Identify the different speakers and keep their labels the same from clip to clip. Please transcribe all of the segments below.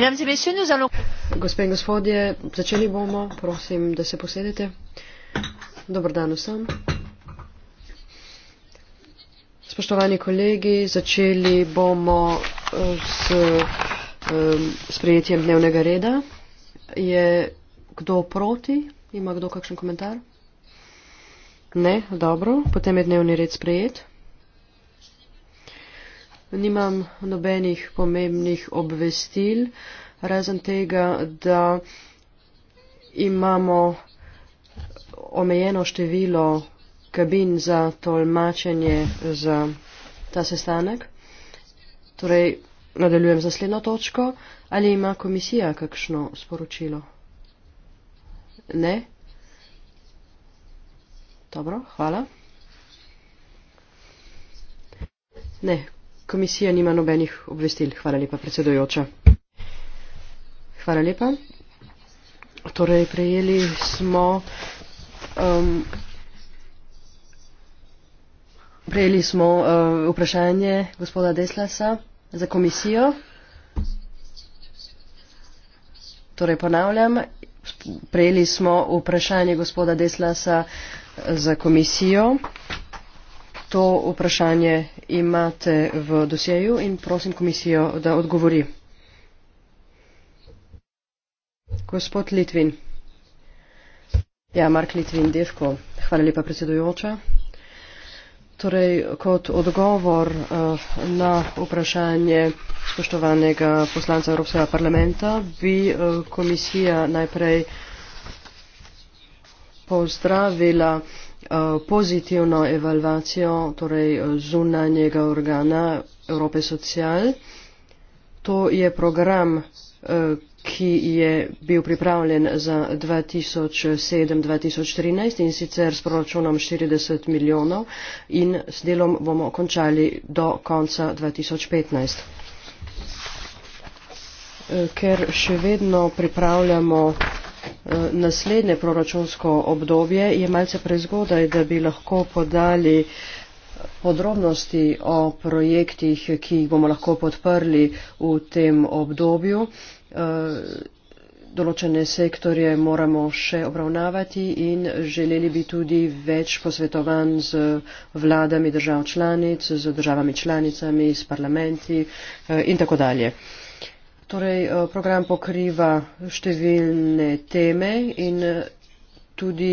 Speaker 1: Mesdames et messieurs, nous allons. Gospe in gospodje, začeli bomo, prosim, da se posedete. Dobar dan vsem. Spoštovani kolegi, začeli bomo eh, s sprejetjem dnevnega reda. Je kdo proti? Ima kdo kakšen komentar? Ne, dobro, potem je dnevni red sprejet nimam nobenih pomembnih obvestil, razen tega, da imamo omejeno število kabin za tolmačenje za ta sestanek. Torej, nadaljujem z naslednjo točko. Ali ima komisija kakšno sporočilo? Ne? Dobro, hvala. Ne, Komisija nima nobenih obvestil. Hvala lepa, predsedojoča. Hvala lepa. Torej, prejeli smo. Um, prejeli smo uh, vprašanje gospoda Deslasa za komisijo. Torej, ponavljam, prejeli smo vprašanje gospoda Deslasa za komisijo. To vprašanje imate v dosjeju in prosim komisijo, da odgovori. Gospod Litvin. Ja, Mark Litvin, Devko. Hvala lepa, predsedujoča. Torej, kot odgovor uh, na vprašanje spoštovanega poslanca Evropskega parlamenta bi uh, komisija najprej pozdravila uh, Eh, pozitivno evalvacijo torej eh, zunanjega organa Evrope social. To je program, eh, ki je bil pripravljen za 2007-2013 in sicer s proračunom 40 milijonov in s delom bomo končali do konca 2015. Ker še vedno pripravljamo naslednje proračunsko obdobje, je malce prezgodaj, da bi lahko podali podrobnosti o projektih, ki jih bomo lahko podprli v tem obdobju. Eh, določene sektorje moramo še obravnavati in želeli bi tudi več posvetovanj z vladami držav članic, z državami članicami, s parlamenti eh, in tako dalje. Torej, eh, program pokriva številne teme in eh, tudi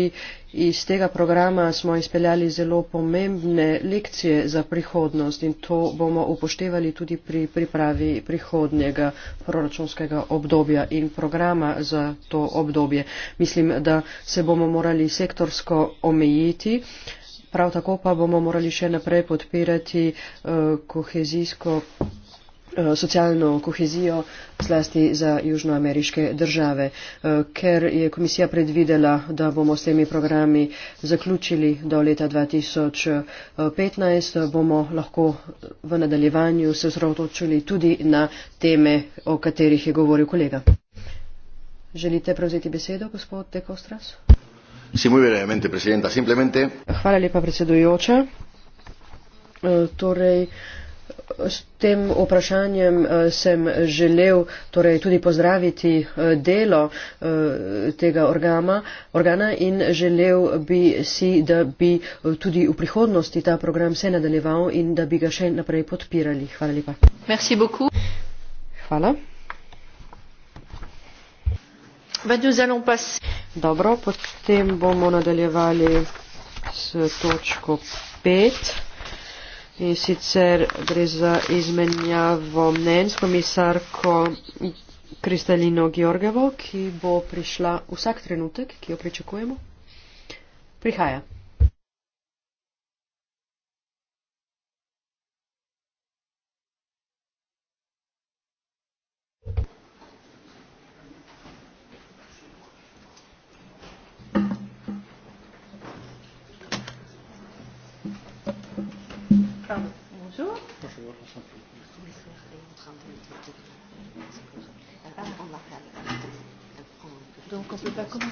Speaker 1: iz tega programa smo izpeljali zelo pomembne lekcije za prihodnost in to bomo upoštevali tudi pri pripravi prihodnjega proračunskega obdobja in programa za to obdobje. Mislim, da se bomo morali sektorsko omejiti. Prav tako pa bomo morali še naprej podpirati uh, kohezijsko Eh, socialno kohezijo, zlasti za južnoameriške države. Eh, ker je komisija predvidela, da bomo s temi programi zaključili do leta 2015, bomo lahko v nadaljevanju se osredotočili tudi na teme, o katerih je govoril kolega. Želite prevzeti besedo, gospod Dekostras? Hvala lepa, predsedujoča. Eh, torej, s tem vprašanjem eh, sem želel torej, tudi pozdraviti eh, delo eh, tega organa, organa in želel bi si, da bi tudi v prihodnosti ta program se nadaljeval in da bi ga še naprej podpirali. Hvala lepa. Merci beaucoup. Hvala. Ben, nous allons pas... Dobro, potem bomo nadaljevali s točko 5. In sicer gre za izmenjavo mnen s komisarko Kristalino Georgevo, ki bo prišla vsak trenutek, ki jo pričakujemo. Prihaja.
Speaker 2: Bonjour. Bonjour. Donc on ne peut pas
Speaker 3: commencer.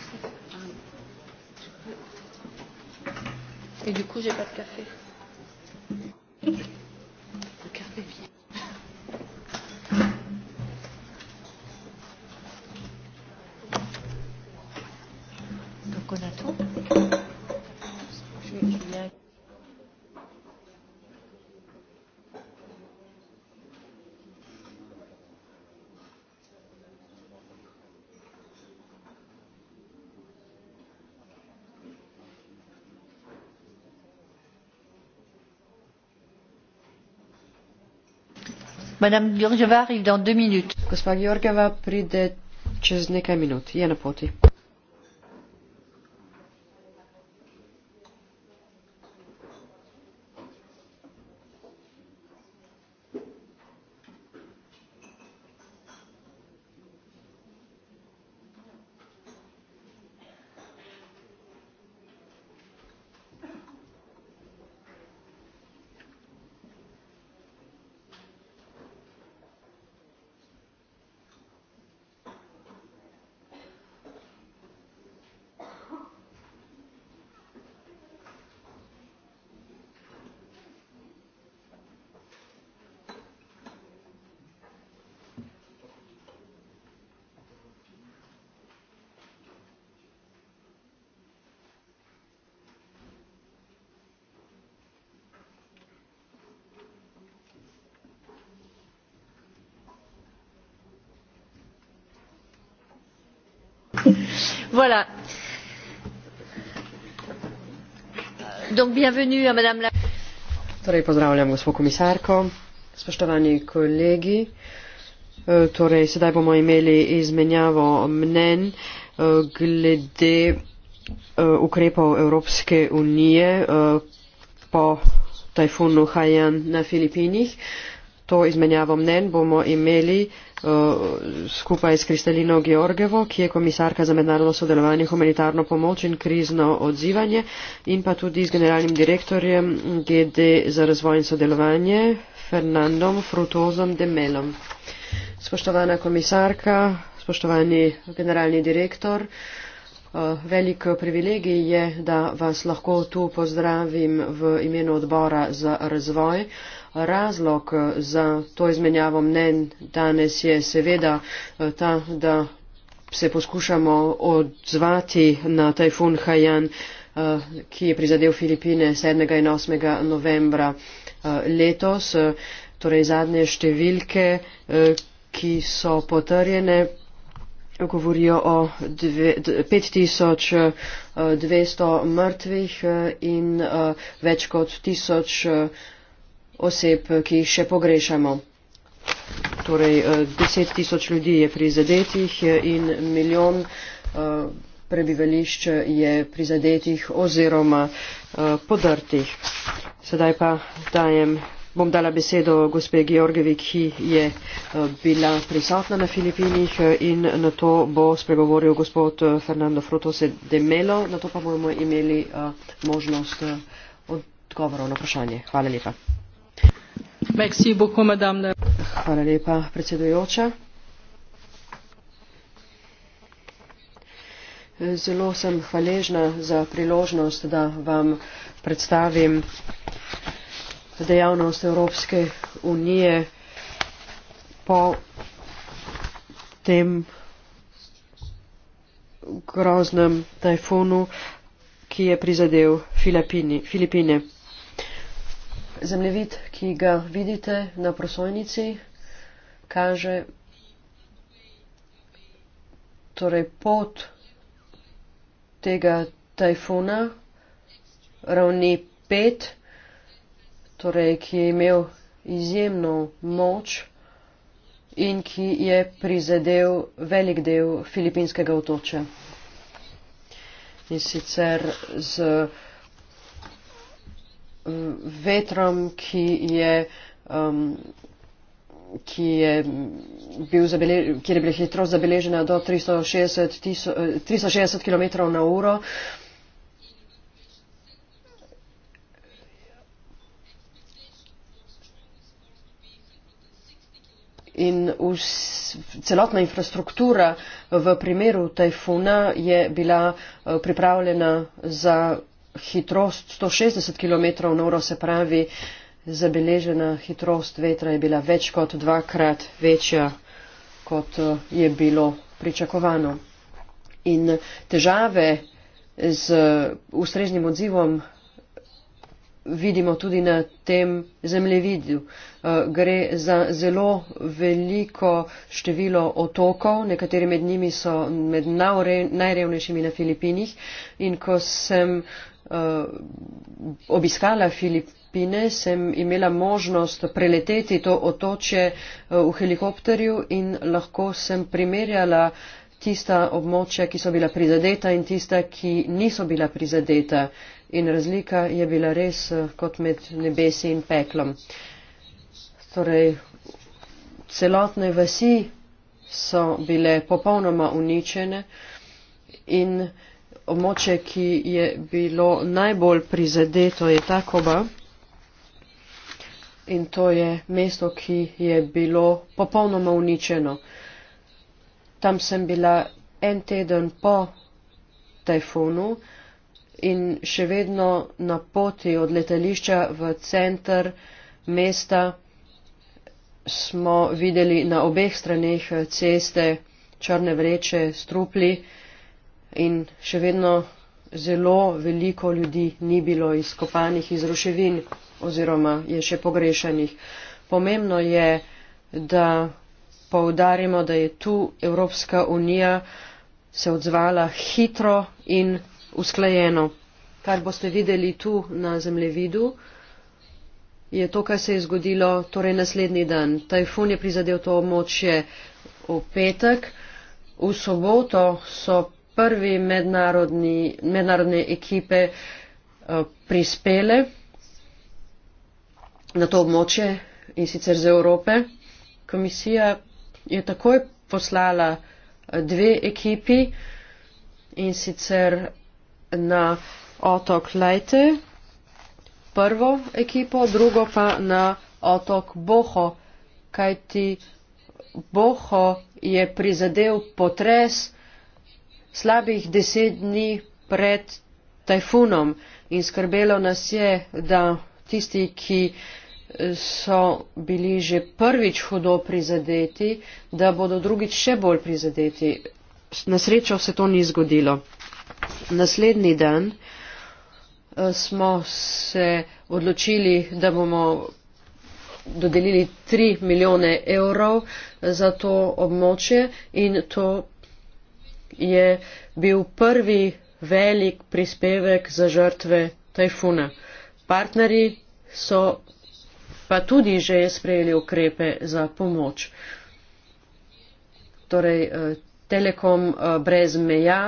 Speaker 3: Et du coup, j'ai pas de café. Thank you.
Speaker 1: Madame Georgieva arrive dans deux minutes. Gospa Georgieva pride čez nekaj minut. Je na poti. torej pozdravljam gospo komisarko spoštovani kolegi e, torej sedaj bomo imeli izmenjavo mnenj e, glede e, ukrepov evropske unije po tajfunu haiyan na filipinih to izmenjavo mnenj bomo imeli Eh, skupaj s Kristalino Georgevo, ki je komisarka za mednarodno sodelovanje, humanitarno pomoč in krizno odzivanje in pa tudi z generalnim direktorjem GD za razvoj in sodelovanje Fernandom Frutozom de Melom. Spoštovana komisarka, spoštovani generalni direktor, uh, Eh, velik privilegij je, da vas lahko tu pozdravim v imenu odbora za razvoj. Razlog za to izmenjavo mnen danes je seveda eh, ta, da se poskušamo odzvati na tajfun Hajan, eh, ki je prizadel Filipine 7. in 8. novembra letos. Torej zadnje številke, ki so potrjene, govorijo o 5200 eh, mrtvih eh, in eh, več kot 1000 oseb, ki jih še pogrešamo. Torej, 10 tisoč ljudi je prizadetih in milijon prebivališč je prizadetih oziroma podrtih. Sedaj pa dajem bom dala besedo gospe Georgevi, ki je eh, bila prisotna na Filipinih eh, in na to bo spregovoril gospod eh, Fernando Frutose de Melo, na to pa bomo imeli možnost odgovorov na vprašanje. Hvala lepa. Merci beaucoup, madame. Le... Hvala lepa, predsedujoča. Zelo sem hvaležna za priložnost, da vam predstavim dejavnost Evropske unije po tem groznem tajfunu, ki je prizadel Filipini, Filipine. Zemljevid, ki ga vidite na prosojnici, kaže torej pot tega tajfuna ravni 5 torej, ki je imel izjemno moč in ki je prizadel velik del filipinskega otoča. In sicer z mm, vetrom, ki je, um, ki je, bil zabele, ki je bila hitrost zabeležena do 360, tiso, 360 km na uro. in celotna infrastruktura v primeru tajfuna je bila eh, pripravljena za hitrost 160 km na uro, se pravi, zabeležena hitrost vetra je bila več kot dvakrat večja, kot eh, je bilo pričakovano. In težave z ustreznim odzivom vidimo tudi na tem zemljevidju. Uh, gre za zelo veliko število otokov, nekateri med njimi so med najrevnejšimi na Filipinih in ko sem uh, obiskala Filipine, sem imela možnost preleteti to otoče uh, v helikopterju in lahko sem primerjala tista območja, ki so bila prizadeta in tista, ki niso bila prizadeta in razlika je bila res eh, kot med nebesi in peklom. Torej, celotne vasi so bile popolnoma uničene in območje, ki je bilo najbolj prizadeto, je takoba in to je mesto, ki je bilo popolnoma uničeno. Tam sem bila en teden po tajfunu in še vedno na poti od letališča v centr mesta smo videli na obeh straneh ceste črne vreče s trupli in še vedno zelo veliko ljudi ni bilo izkopanih iz ruševin oziroma je še pogrešanih. Pomembno je, da poudarimo, da je tu Evropska unija se odzvala hitro in usklajeno. Kar boste videli tu na zemljevidu, je to, kar se je zgodilo torej naslednji dan. Tajfun je prizadel to območje v petek. V soboto so prvi mednarodne ekipe eh, prispele na to območje in sicer z Evrope. Komisija je takoj poslala eh, dve ekipi in sicer na otok Lejte, prvo ekipo, drugo pa na otok Boho, kajti Boho je prizadel potres slabih deset dni pred tajfunom in skrbelo nas je, da tisti, ki eh, so bili že prvič hudo prizadeti, da bodo drugič še bolj prizadeti. Na srečo se to ni zgodilo. Naslednji dan eh, smo se odločili, da bomo dodelili 3 milijone evrov za to območje in to je bil prvi velik prispevek za žrtve tajfuna. Partnerji so pa tudi že sprejeli ukrepe za pomoč. Torej, eh, Telekom eh, brez meja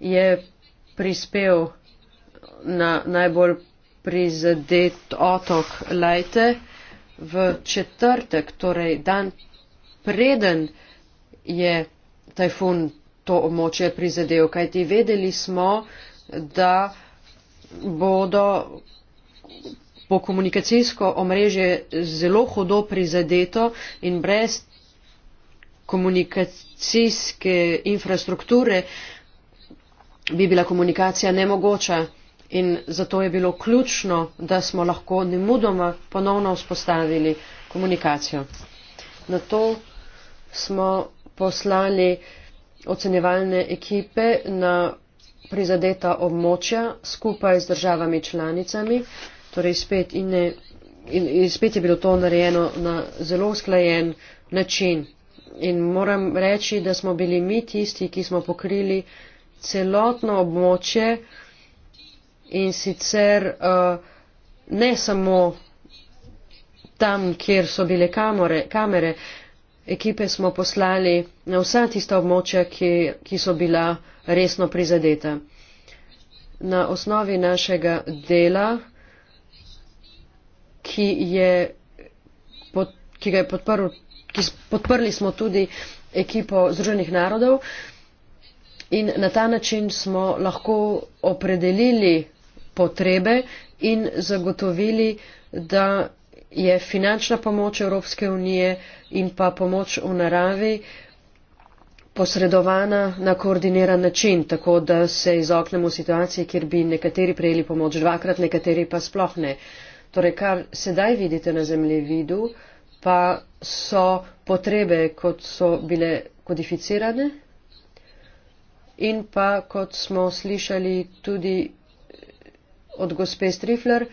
Speaker 1: je prispel na najbolj prizadet otok Lajte v četrtek, torej dan preden je tajfun to območje prizadel, kajti vedeli smo, da bodo po komunikacijsko omrežje zelo hudo prizadeto in brez komunikacijske infrastrukture bi bila komunikacija nemogoča in zato je bilo ključno, da smo lahko nemudoma ponovno vzpostavili komunikacijo. Na to smo poslali ocenjevalne ekipe na prizadeta območja skupaj z državami članicami, torej spet, in ne, in, in spet je bilo to narejeno na zelo usklajen način. In moram reči, da smo bili mi tisti, ki smo pokrili celotno območje in sicer eh, ne samo tam, kjer so bile kamore, kamere, ekipe smo poslali na vsa tista območja, ki, ki so bila resno prizadeta. Na osnovi našega dela, ki, je, pod, ki ga je podprl, ki podprli smo tudi ekipo Združenih narodov, in na ta način smo lahko opredelili potrebe in zagotovili, da je finančna pomoč Evropske unije in pa pomoč v naravi posredovana na koordiniran način, tako da se izognemo situaciji, kjer bi nekateri prejeli pomoč dvakrat, nekateri pa sploh ne. Torej, kar sedaj vidite na zemljevidu, pa so potrebe, kot so bile kodificirane, in pa, kot smo slišali tudi od gospe Strifler,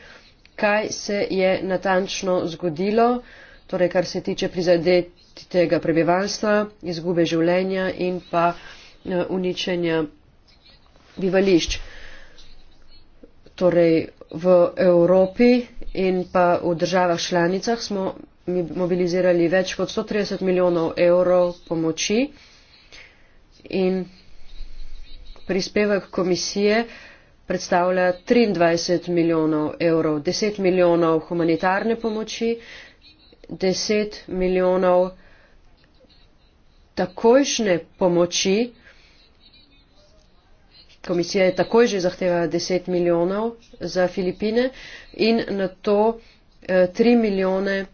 Speaker 1: kaj se je natančno zgodilo, torej kar se tiče prizadetega prebivalstva, izgube življenja in pa eh, uničenja bivališč. Torej v Evropi in pa v državah članicah smo mobilizirali več kot 130 milijonov evrov pomoči in prispevek komisije predstavlja 23 milijonov evrov, 10 milijonov humanitarne pomoči, 10 milijonov takojšnje pomoči. Komisija je takoj že zahtevala 10 milijonov za Filipine in na to 3 eh, milijone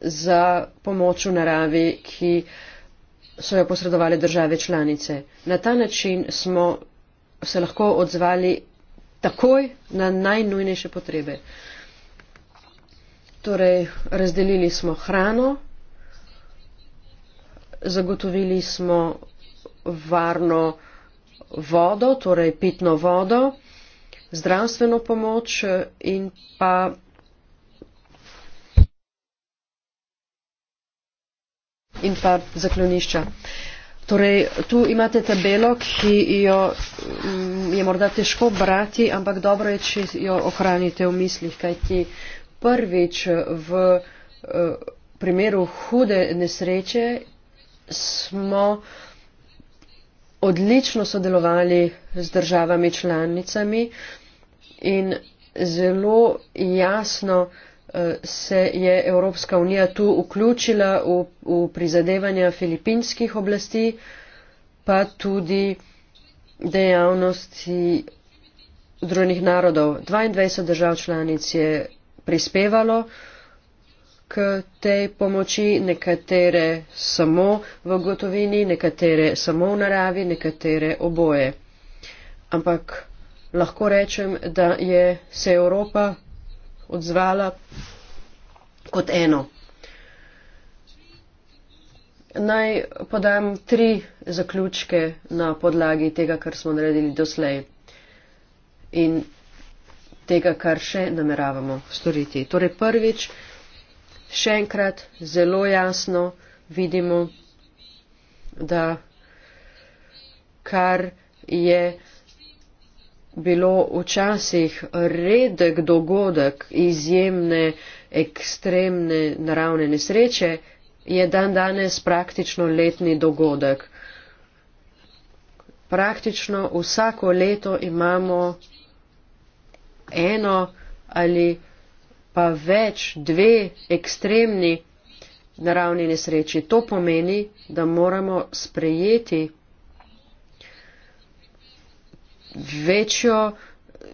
Speaker 1: za pomoč v naravi, ki so jo posredovali države članice. Na ta način smo se lahko odzvali takoj na najnujnejše potrebe. Torej, razdelili smo hrano, zagotovili smo varno vodo, torej pitno vodo, zdravstveno pomoč in pa. in pa zaklonišča. Uh, Torej, tu imate tabelo, ki jo mm, je morda težko brati, ampak dobro je, če jo ohranite v mislih, kajti prvič v eh, primeru hude nesreče smo odlično sodelovali z državami članicami in zelo jasno se je Evropska unija tu vključila v, v prizadevanja filipinskih oblasti, pa tudi dejavnosti združenih narodov. 22 držav članic je prispevalo k tej pomoči, nekatere samo v gotovini, nekatere samo v naravi, nekatere oboje. Ampak lahko rečem, da je se Evropa odzvala kot eno. Naj podam tri zaključke na podlagi tega, kar smo naredili doslej in tega, kar še nameravamo storiti. Torej prvič, še enkrat zelo jasno vidimo, da kar je bilo včasih redek dogodek izjemne, ekstremne naravne nesreče, je dan danes praktično letni dogodek. Praktično vsako leto imamo eno ali pa več dve ekstremni naravni nesreči. To pomeni, da moramo sprejeti večjo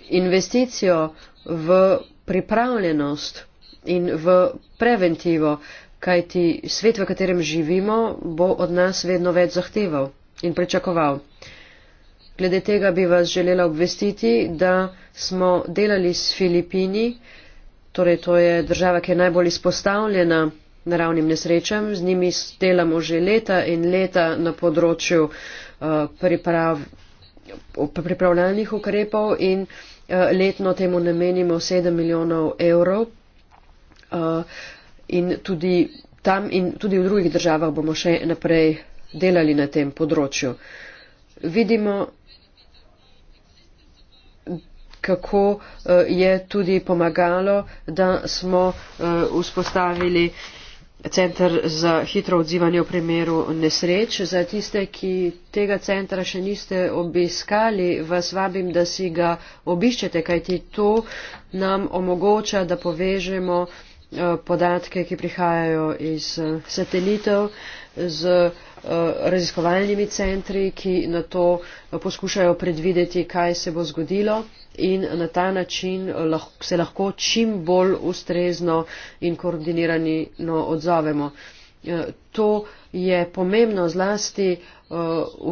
Speaker 1: investicijo v pripravljenost in v preventivo, kajti svet, v katerem živimo, bo od nas vedno več zahteval in pričakoval. Glede tega bi vas želela obvestiti, da smo delali s Filipini, torej to je država, ki je najbolj izpostavljena naravnim nesrečam, z njimi delamo že leta in leta na področju uh, priprav pripravljalnih ukrepov in eh, letno temu namenimo 7 milijonov evrov. Eh, in tudi tam in tudi v drugih državah bomo še naprej delali na tem področju. Vidimo, kako eh, je tudi pomagalo, da smo uh, vzpostavili uh, center za hitro odzivanje v primeru nesreč. Za tiste, ki tega centra še niste obiskali, vas vabim, da si ga obiščete, kajti to nam omogoča, da povežemo eh, podatke, ki prihajajo iz eh, satelitov z eh, raziskovalnimi centri, ki na to poskušajo predvideti, kaj se bo zgodilo in na ta način se lahko čim bolj ustrezno in koordinirano odzovemo. E, to je pomembno zlasti e,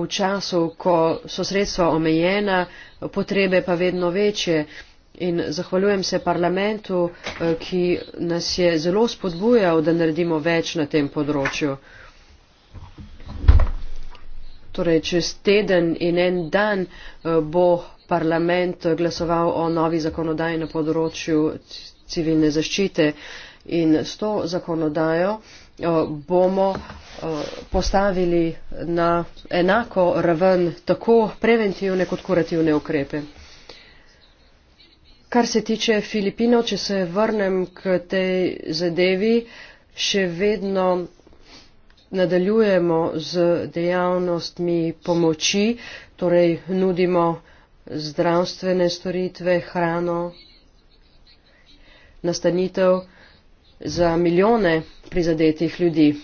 Speaker 1: v času, ko so sredstva omejena, potrebe pa vedno večje. In zahvaljujem se parlamentu, e, ki nas je zelo spodbujal, da naredimo več na tem področju. Torej, čez teden in en dan bo parlament glasoval o novi zakonodaji na področju civilne zaščite in s to zakonodajo eh, bomo eh, postavili na enako raven tako preventivne kot kurativne ukrepe. Kar se tiče Filipinov, če se vrnem k tej zadevi, še vedno nadaljujemo z dejavnostmi pomoči, torej nudimo zdravstvene storitve, hrano, nastanitev za milijone prizadetih ljudi.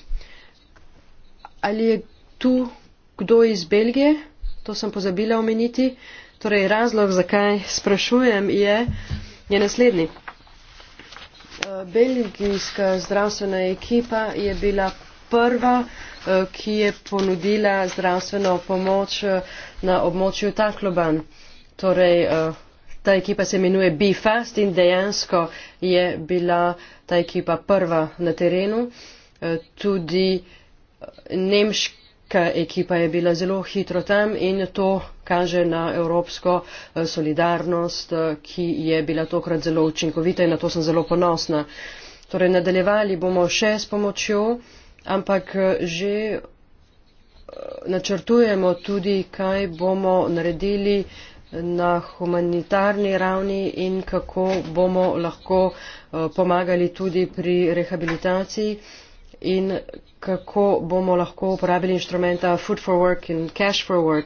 Speaker 1: Ali je tu kdo iz Belgije? To sem pozabila omeniti. Torej, razlog, zakaj sprašujem, je, je naslednji. E, belgijska zdravstvena ekipa je bila prva, e, ki je ponudila zdravstveno pomoč e, na območju Takloban. Torej, eh, ta ekipa se imenuje BFAST in dejansko je bila ta ekipa prva na terenu. Eh, tudi eh, nemška ekipa je bila zelo hitro tam in to kaže na evropsko solidarnost, ki je bila tokrat zelo učinkovita in na to sem zelo ponosna. Torej, nadaljevali bomo še s pomočjo, ampak že načrtujemo tudi, kaj bomo naredili na humanitarni ravni in kako bomo lahko eh, pomagali tudi pri rehabilitaciji in kako bomo lahko uporabili inštrumenta Food for Work in Cash for Work.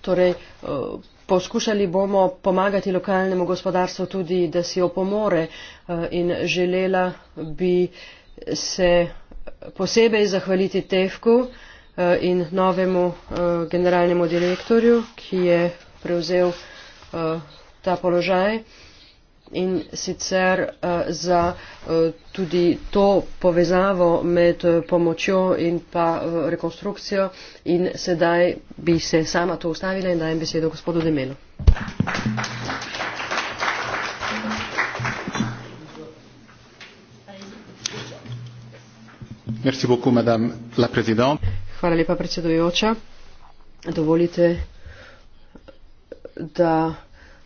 Speaker 1: Torej, eh, poskušali bomo pomagati lokalnemu gospodarstvu tudi, da si opomore eh, in želela bi se posebej zahvaliti Tefku. Eh, in novemu eh, generalnemu direktorju, ki je prevzel eh, ta položaj in sicer za tudi to povezavo med pomočjo in pa rekonstrukcijo in sedaj bi se sama to ustavila in dajem besedo gospodu Demelu.
Speaker 2: Hvala, gospod predsednik.
Speaker 1: Hvala lepa, predsedujoča. Dovolite, da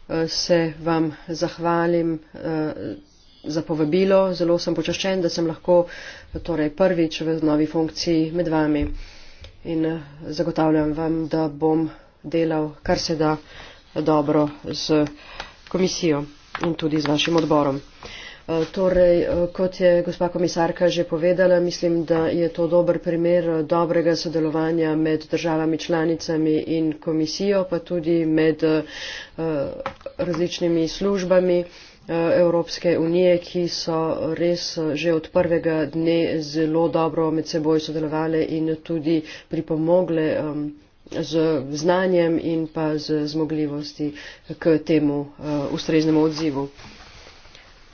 Speaker 1: eh, se vam zahvalim eh, za povabilo. Zelo sem počaščen, da sem lahko torej prvič v novi funkciji med vami. In eh, zagotavljam vam, da bom delal kar se da dobro z komisijo in tudi z vašim odborom. Uh, Eh, torej, eh, kot je gospa komisarka že povedala, mislim, da je to dober primer eh, dobrega sodelovanja med državami članicami in komisijo, pa tudi med različnimi službami. Evropske unije, ki so res že od prvega dne zelo dobro med seboj sodelovali in tudi pripomogli z znanjem in pa z zmogljivosti k temu ustreznemu odzivu.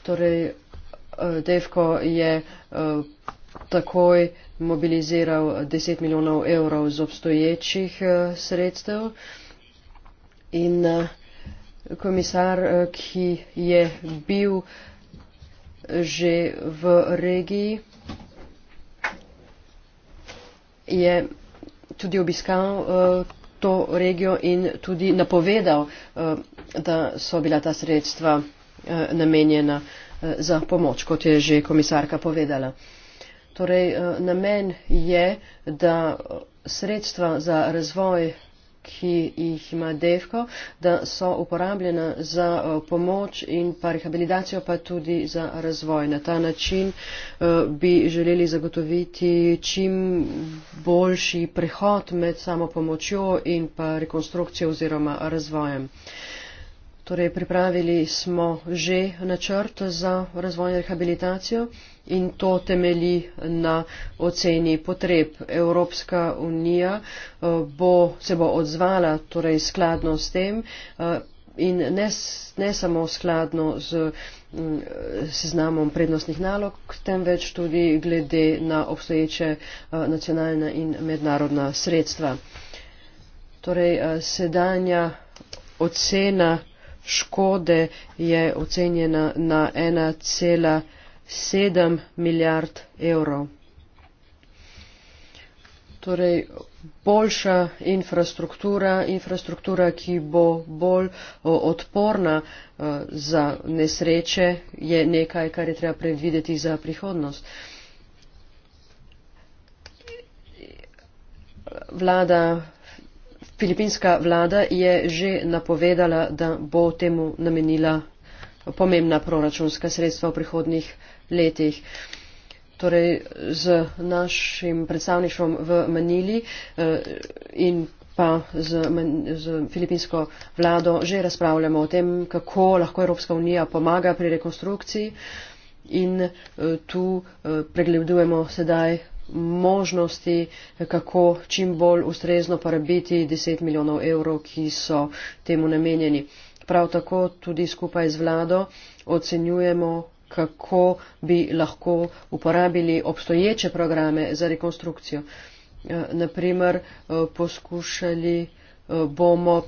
Speaker 1: Torej, eh, Devko je eh, takoj mobiliziral 10 milijonov evrov z obstoječih eh, sredstev in komisar, ki je bil že v regiji, je tudi obiskal to regijo in tudi napovedal, da so bila ta sredstva. Eh, namenjena eh, za pomoč, kot je že komisarka povedala. Torej, eh, namen je, da sredstva za razvoj, ki jih ima DEFKO, da so uporabljena za pomoč in pa rehabilitacijo, pa tudi za razvoj. Na ta način bi želeli zagotoviti čim boljši prehod med samo pomočjo in pa rekonstrukcijo oziroma razvojem. Torej, pripravili smo že načrt za razvojno rehabilitacijo in to temeli na oceni potreb. Evropska unija eh, bo, se bo odzvala torej, skladno s tem eh, in ne, ne samo skladno z mm, seznamom prednostnih nalog, temveč tudi glede na obstoječe eh, nacionalna in mednarodna sredstva. Torej, sedanja ocena škode je ocenjena na 1,7 milijard evrov. Torej, boljša infrastruktura, infrastruktura, ki bo bolj odporna za nesreče, je nekaj, kar je treba predvideti za prihodnost. Vlada Filipinska vlada je že napovedala, da bo temu namenila pomembna proračunska sredstva v prihodnih letih. Torej, z našim predstavništvom v Manili eh, in pa z, z filipinsko vlado že razpravljamo o tem, kako lahko Evropska unija pomaga pri rekonstrukciji in eh, tu eh, pregledujemo sedaj možnosti, kako čim bolj ustrezno porabiti 10 milijonov evrov, ki so temu namenjeni. Prav tako tudi skupaj z vlado ocenjujemo, kako bi lahko uporabili obstoječe programe za rekonstrukcijo. Eh, Naprimer, eh, poskušali eh, bomo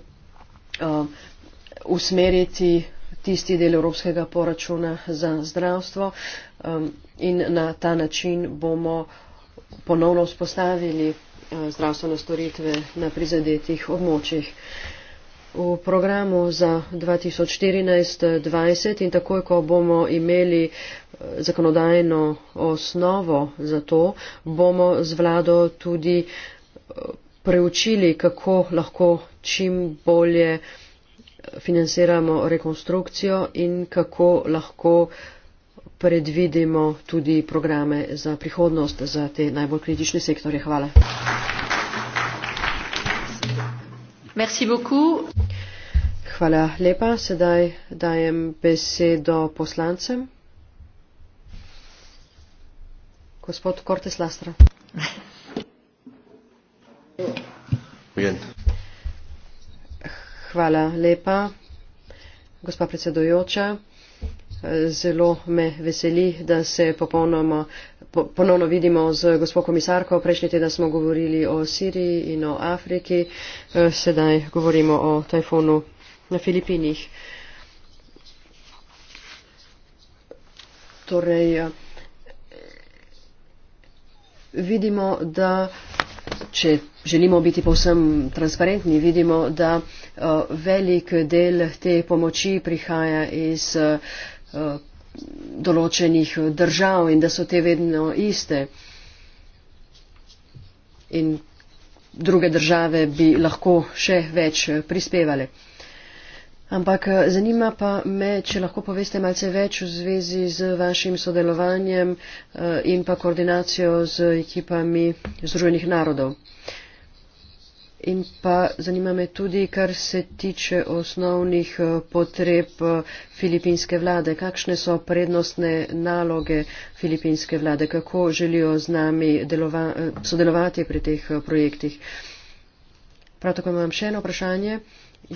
Speaker 1: usmeriti tisti del Evropskega poračuna za zdravstvo in na ta način bomo ponovno vzpostavili eh, zdravstvene storitve na prizadetih območjih. V programu za 2014-2020 in takoj, ko bomo imeli eh, zakonodajno osnovo za to, bomo z vlado tudi eh, preučili, kako lahko čim bolje financiramo rekonstrukcijo in kako lahko uh, predvidimo tudi programe za prihodnost za te najbolj kritične sektorje. Hvala. Hvala lepa. Sedaj dajem besedo poslancem. Gospod Kortes Lastra. Hvala lepa, gospa predsedojoča zelo me veseli, da se popolnoma, po, ponovno vidimo z gospod komisarko. Prejšnji teden smo govorili o Siriji in o Afriki, eh, sedaj govorimo o tajfunu na Filipinih. Torej, eh, vidimo, da če želimo biti povsem transparentni, vidimo, da eh, velik del te pomoči prihaja iz Eh, določenih držav in da so te vedno iste. In druge države bi lahko še več eh, prispevale. Ampak eh, zanima pa me, če lahko poveste malce več v zvezi z vašim sodelovanjem in pa koordinacijo z ekipami Združenih narodov. In pa zanima me tudi, kar se tiče osnovnih eh, potreb eh, filipinske vlade. Kakšne so prednostne naloge filipinske vlade? Kako želijo z nami delova, eh, sodelovati pri teh projektih? Prav tako imam še eno vprašanje.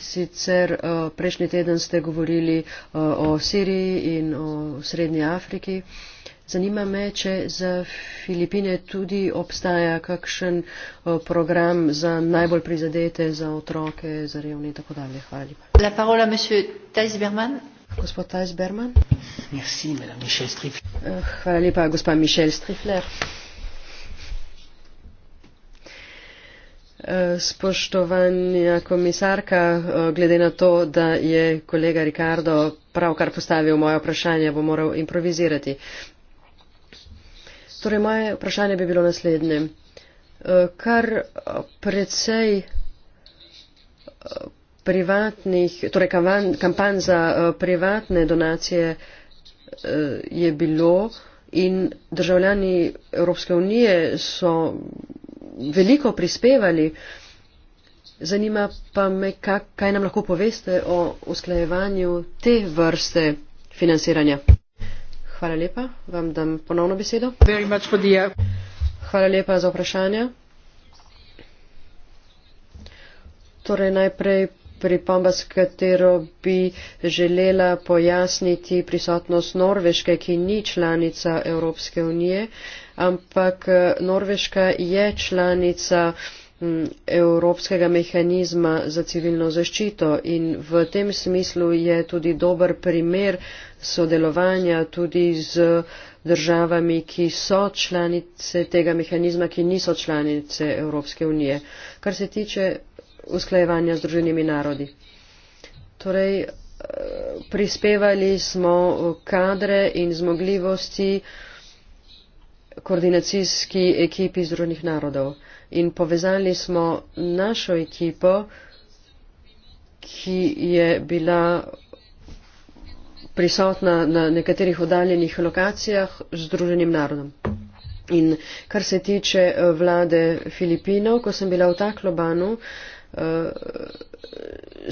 Speaker 1: Sicer prejšnji teden ste govorili o Siriji in o Srednji Afriki. Zanima me, če za Filipine tudi obstaja kakšen eh, program za najbolj prizadete, za otroke, za revne in tako dalje. Hvala lepa.
Speaker 3: La parola, monsieur Thijs Berman. Gospod Thijs Berman.
Speaker 1: Merci, madame Michelle Strifler. Eh, hvala lepa, gospa Michelle Strifler. Eh, Spoštovanja komisarka, glede na to, da je kolega Ricardo pravkar postavil moje vprašanje, bo moral improvizirati. Torej, moje vprašanje bi bilo naslednje. Eh, kar eh, precej eh, privatnih, torej kampanj za privatne donacije je bilo in državljani Evropske unije so veliko prispevali. Zanima pa me, kaj nam lahko poveste o usklajevanju te vrste financiranja. Hvala lepa. Vam dam ponovno besedo. Uh, Hvala lepa za vprašanje. Torej najprej pripomba, s katero bi želela pojasniti prisotnost Norveške, ki ni članica Evropske unije, ampak eh, Norveška je članica mm, Evropskega mehanizma za civilno zaščito in v tem smislu je tudi dober primer sodelovanja tudi z državami, ki so članice tega mehanizma, ki niso članice Evropske unije, kar se tiče usklajevanja z druženimi narodi. Torej, eh, prispevali smo kadre in zmogljivosti koordinacijski ekipi združenih narodov in povezali smo našo ekipo, ki je bila prisotna na nekaterih oddaljenih lokacijah z Združenim narodom. In kar se tiče eh, vlade Filipinov, ko sem bila v Taklobanu, eh,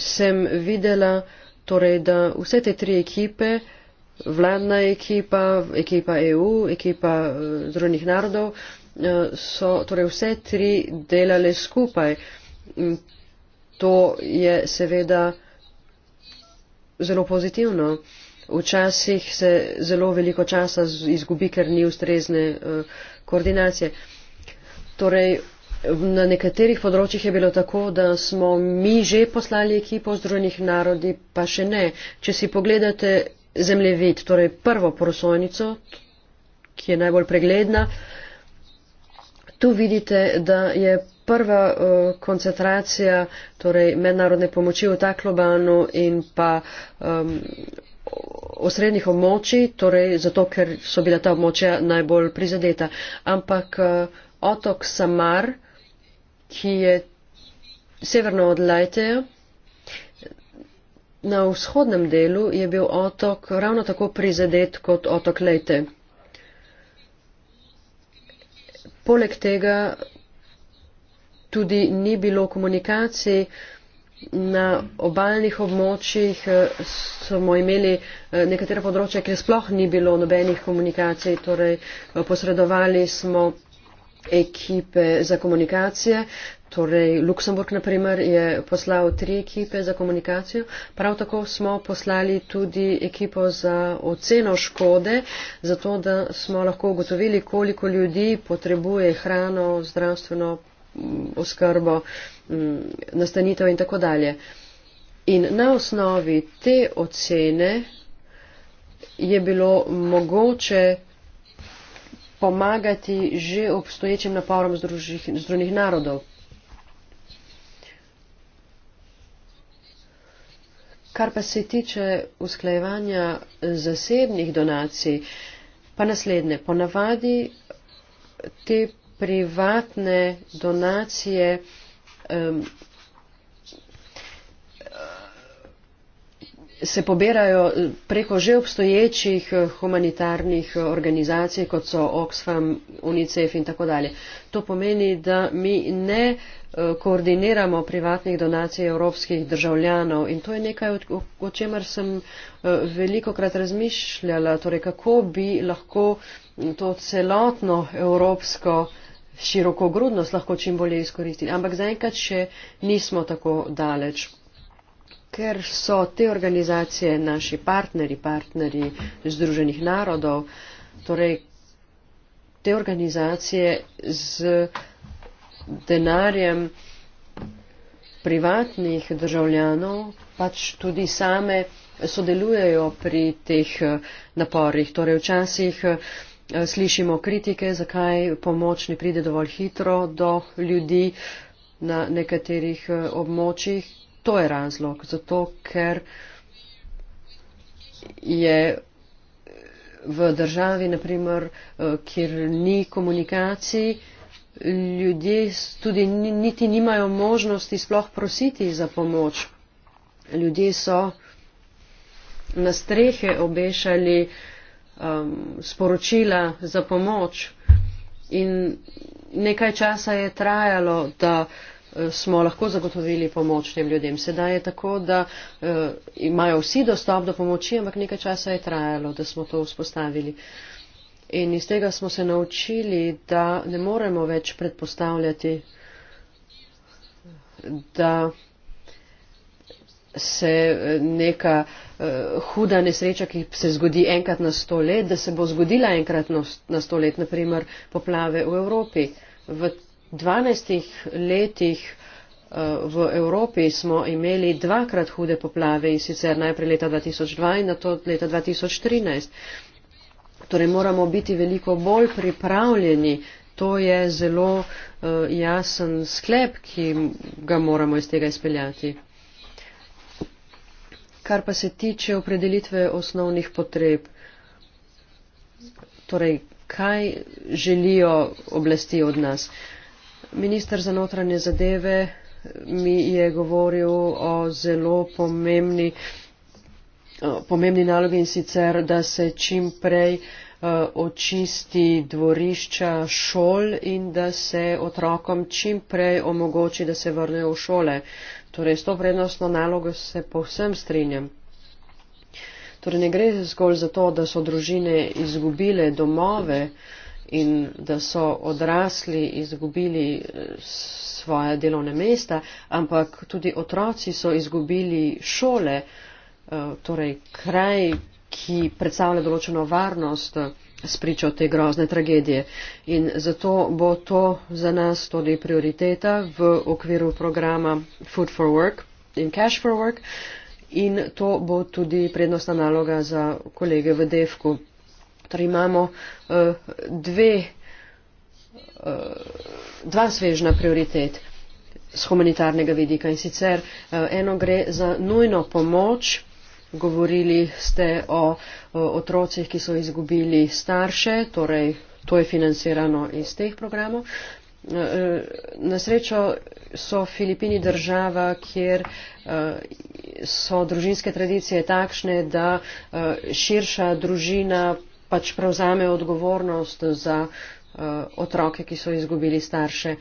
Speaker 1: sem videla, torej, da vse te tri ekipe, vladna ekipa, ekipa EU, ekipa eh, Združenih narodov, so torej vse tri delale skupaj. To je seveda zelo pozitivno včasih se zelo veliko časa izgubi, ker ni ustrezne eh, koordinacije. Torej, na nekaterih področjih je bilo tako, da smo mi že poslali ekipo Združenih narodi, pa še ne. Če si pogledate zemljevid, torej prvo prosojnico, ki je najbolj pregledna, tu vidite, da je prva uh, koncentracija torej mednarodne pomoči v Taklobanu in pa um, osrednjih območij, torej zato, ker so bila ta območja najbolj prizadeta. Ampak eh, otok Samar, ki je severno od Lajteja, na vzhodnem delu je bil otok ravno tako prizadet kot otok Lejte. Poleg tega tudi ni bilo komunikacij, na obaljnih območjih eh, smo imeli eh, nekatera področja, kjer sploh ni bilo nobenih komunikacij, torej eh, posredovali smo ekipe za komunikacije, torej Luksemburg naprimer je poslal tri ekipe za komunikacijo, prav tako smo poslali tudi ekipo za oceno škode, zato da smo lahko ugotovili, koliko ljudi potrebuje hrano, zdravstveno mm, oskrbo. Uh, Mm, nastanitev in tako dalje. In na osnovi te ocene je bilo mogoče pomagati že obstoječim naporom Združenih narodov. Kar pa se tiče usklajevanja zasebnih donacij, pa naslednje, ponavadi te privatne donacije um, se poberajo eh, preko že obstoječih eh, humanitarnih eh, organizacij, kot so Oxfam, UNICEF in tako dalje. To pomeni, da mi ne koordiniramo privatnih donacij evropskih državljanov in to je nekaj, o čemer sem veliko krat razmišljala, torej kako bi lahko to celotno evropsko široko grudnost lahko čim bolje izkoristili. Ampak zaenkrat še nismo tako daleč. Ker so te organizacije naši partneri, partneri Združenih narodov, torej te organizacije z denarjem privatnih državljanov pač tudi same sodelujejo pri teh naporih. Torej včasih Eh, slišimo kritike, zakaj pomoč ne pride dovolj hitro do ljudi na nekaterih eh, območjih. To je razlog, zato ker je v državi, naprimer, eh, kjer ni komunikacij, ljudje tudi niti nimajo možnosti sploh prositi za pomoč. Ljudje so na strehe obešali uh, um, sporočila za pomoč. In nekaj časa je trajalo, da eh, smo lahko zagotovili pomoč tem ljudem. Sedaj je tako, da uh, imajo vsi dostop do pomoči, ampak nekaj časa je trajalo, da smo to vzpostavili. In iz tega smo se naučili, da ne moremo več predpostavljati, da se eh, neka uh, uh, huda nesreča, ki se zgodi enkrat na sto let, da se bo zgodila enkrat na sto let, naprimer poplave v Evropi. V 12 letih uh, v Evropi smo imeli dvakrat hude poplave in sicer najprej leta 2002 in nato leta 2013. Torej moramo biti veliko bolj pripravljeni. To je zelo uh, jasen sklep, ki ga moramo iz tega izpeljati kar pa se tiče opredelitve osnovnih potreb. Torej, kaj želijo oblasti od nas? Ministr za notranje zadeve mi je govoril o zelo pomembni, pomembni nalogi in sicer, da se čim prej eh, očisti dvorišča šol in da se otrokom čim prej omogoči, da se vrnejo v šole. Torej, s to vrednostno nalogo se povsem strinjam. Torej, ne gre zgolj za to, da so družine izgubile domove in da so odrasli izgubili eh, svoje delovne mesta, ampak tudi otroci so izgubili šole, eh, torej kraj, ki predstavlja določeno varnost spričo te grozne tragedije. In zato bo to za nas tudi prioriteta v okviru programa Food for Work in Cash for Work. In to bo tudi prednostna naloga za kolege v DEFKU. Torej imamo uh, dve, uh, dva svežna prioritet z humanitarnega vidika. In sicer uh, eno gre za nujno pomoč Govorili ste o, o otrocih, ki so izgubili starše, torej to je financirano iz teh programov. Eh, eh, na srečo so Filipini država, kjer eh, so družinske tradicije takšne, da širša družina pač prevzame odgovornost za otroke, ki so izgubili starše.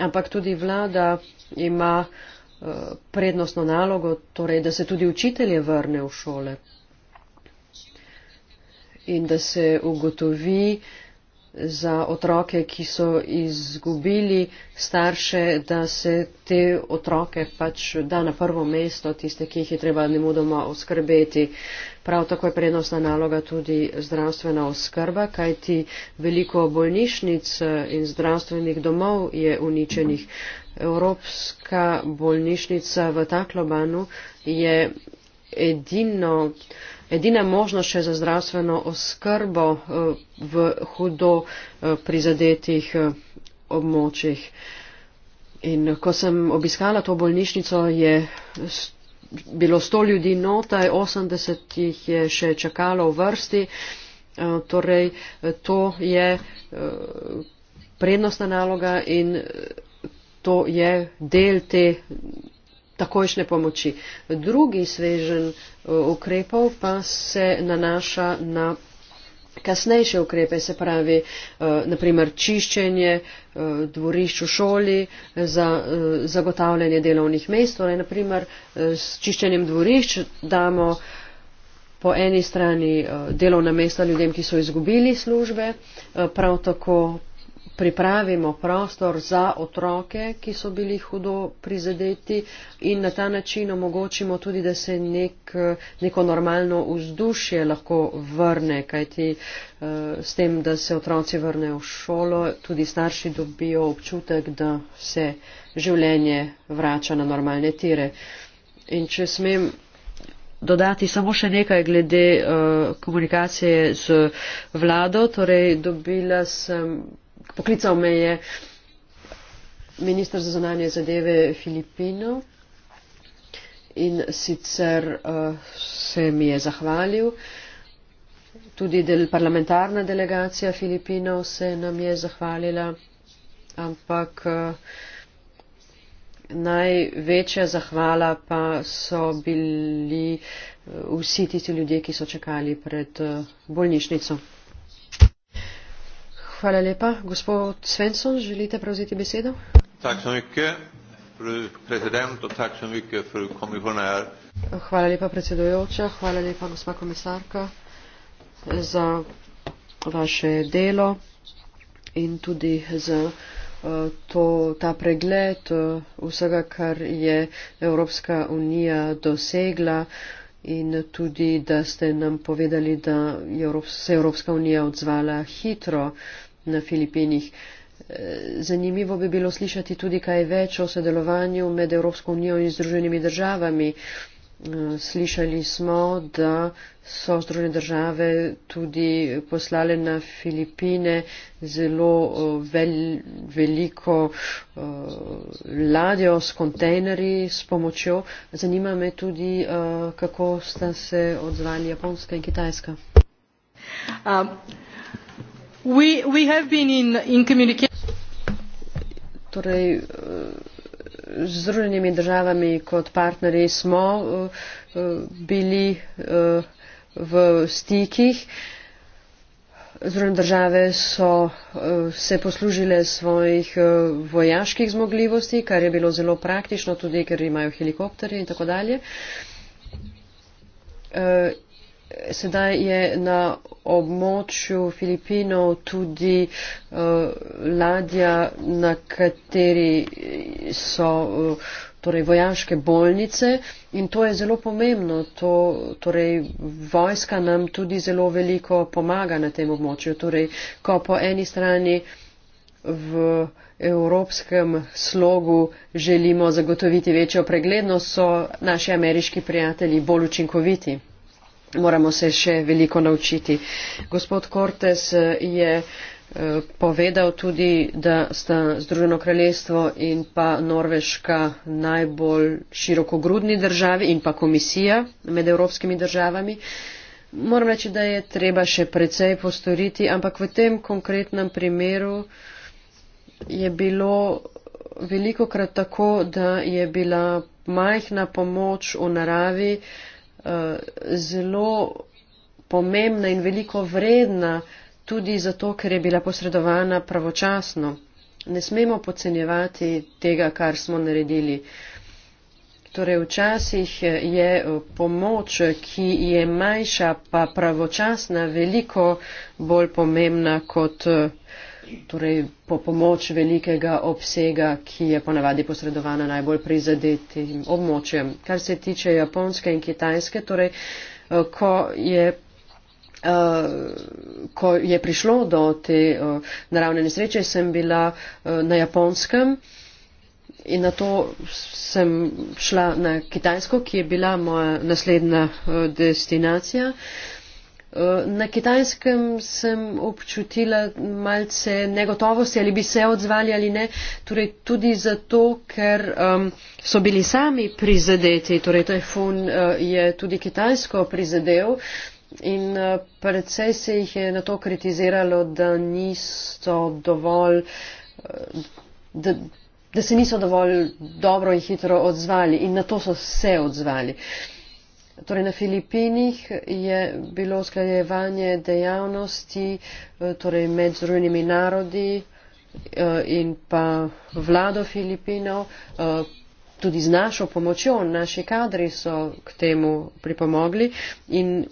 Speaker 1: Ampak tudi vlada ima uh, Eh, prednostno nalogo, torej, da se tudi učitelje vrne v šole in da se ugotovi za otroke, ki so izgubili starše, da se te otroke pač da na prvo mesto, tiste, ki jih je treba nemudoma oskrbeti. Prav tako je prednostna naloga tudi zdravstvena oskrba, kajti veliko bolnišnic eh, in zdravstvenih domov je uničenih. Evropska bolnišnica v Taklobanu je edino, edina možnost še za zdravstveno oskrbo eh, v hudo eh, prizadetih eh, območjih. In ko sem obiskala to bolnišnico, je bilo 100 ljudi notaj, 80 jih je še čakalo v vrsti. Torej, to je prednostna naloga in to je del te takojšnje pomoči. Drugi svežen eh, ukrepov pa se nanaša na kasnejše ukrepe, se pravi eh, naprimer čiščenje eh, dvorišč v šoli za zagotavljanje delovnih mest, torej naprimer s čiščenjem dvorišč damo po eni strani delovna mesta ljudem, ki so izgubili službe, prav tako pripravimo prostor za otroke, ki so bili hudo prizadeti in na ta način omogočimo tudi, da se nek, neko normalno vzdušje lahko vrne, kajti eh, s tem, da se otroci vrnejo v šolo, tudi starši dobijo občutek, da se življenje vrača na normalne tire. In če smem dodati samo še nekaj glede uh, komunikacije z vlado, torej dobila sem Poklical me je ministr za zunanje zadeve Filipino in sicer uh, se mi je zahvalil. Tudi del, parlamentarna delegacija Filipino se nam je zahvalila, ampak uh, največja zahvala pa so bili eh, vsi tisti ljudje, ki so čakali pred uh, bolnišnico. Hvala lepa. Gospod Svensson, želite prevzeti besedo? Hvala lepa, predsedujoča. Hvala lepa, gospa komisarka, za vaše delo in tudi za eh, to, ta pregled eh, vsega, kar je Evropska unija dosegla in tudi, da ste nam povedali, da je Evropska unija odzvala hitro na Filipinih. Eh, zanimivo bi bilo slišati tudi kaj več o sodelovanju med Evropsko unijo in Združenimi državami. Eh, slišali smo, da so Združene države tudi poslale na Filipine zelo eh, vel, veliko ladjo s kontejnerji s pomočjo. Zanima me tudi, kako sta se odzvali Japonska in Kitajska. Um. Torej, z Združenimi državami kot partnerji smo eh, bili eh, v stikih. Združene države so eh, se poslužile svojih vojaških zmogljivosti, kar je bilo zelo praktično, tudi ker imajo helikopterje in tako dalje sedaj je na območju Filipinov tudi uh, ladja, na kateri so uh, torej vojaške bolnice in to je zelo pomembno. To, torej, vojska nam tudi zelo veliko pomaga na tem območju. Torej, ko po eni strani v evropskem slogu želimo zagotoviti večjo preglednost, so naši ameriški prijatelji bolj učinkoviti moramo se še veliko naučiti. Gospod Cortes eh, je eh, povedal tudi, da sta Združeno kraljestvo in pa Norveška najbolj širokogrudni državi in pa komisija med evropskimi državami. Moram reči, da je treba še precej postoriti, ampak v tem konkretnem primeru je bilo veliko krat tako, da je bila majhna pomoč v naravi, Eh, zelo pomembna in veliko vredna, tudi zato, ker je bila posredovana pravočasno. Ne smemo podcenjevati tega, kar smo naredili. Torej, včasih je eh, pomoč, ki je manjša, pa pravočasna, veliko bolj pomembna kot. Uh, torej po pomoč velikega obsega, ki je ponavadi posredovana najbolj prizadetim območjem. Kar se tiče Japonske in Kitajske, torej eh, ko je. Uh, ko je prišlo do te uh, naravne nesreče, sem bila uh, na japonskem in na to sem šla na Kitajsko, ki je bila moja naslednja uh, destinacija. Uh, Eh, na kitajskem sem občutila malce negotovosti, ali bi se odzvali ali ne, torej tudi zato, ker um, so bili sami prizadeti, torej tajfun uh, je tudi kitajsko prizadel in uh, eh, predvsej se jih je na to kritiziralo, da, dovolj, uh, da, da se niso dovolj dobro in hitro odzvali in na to so se odzvali. Uh, Torej, na Filipinih je bilo usklajevanje dejavnosti eh, torej med zrujnimi narodi eh, in pa vlado Filipinov, eh, tudi z našo pomočjo, naši kadri so k temu pripomogli in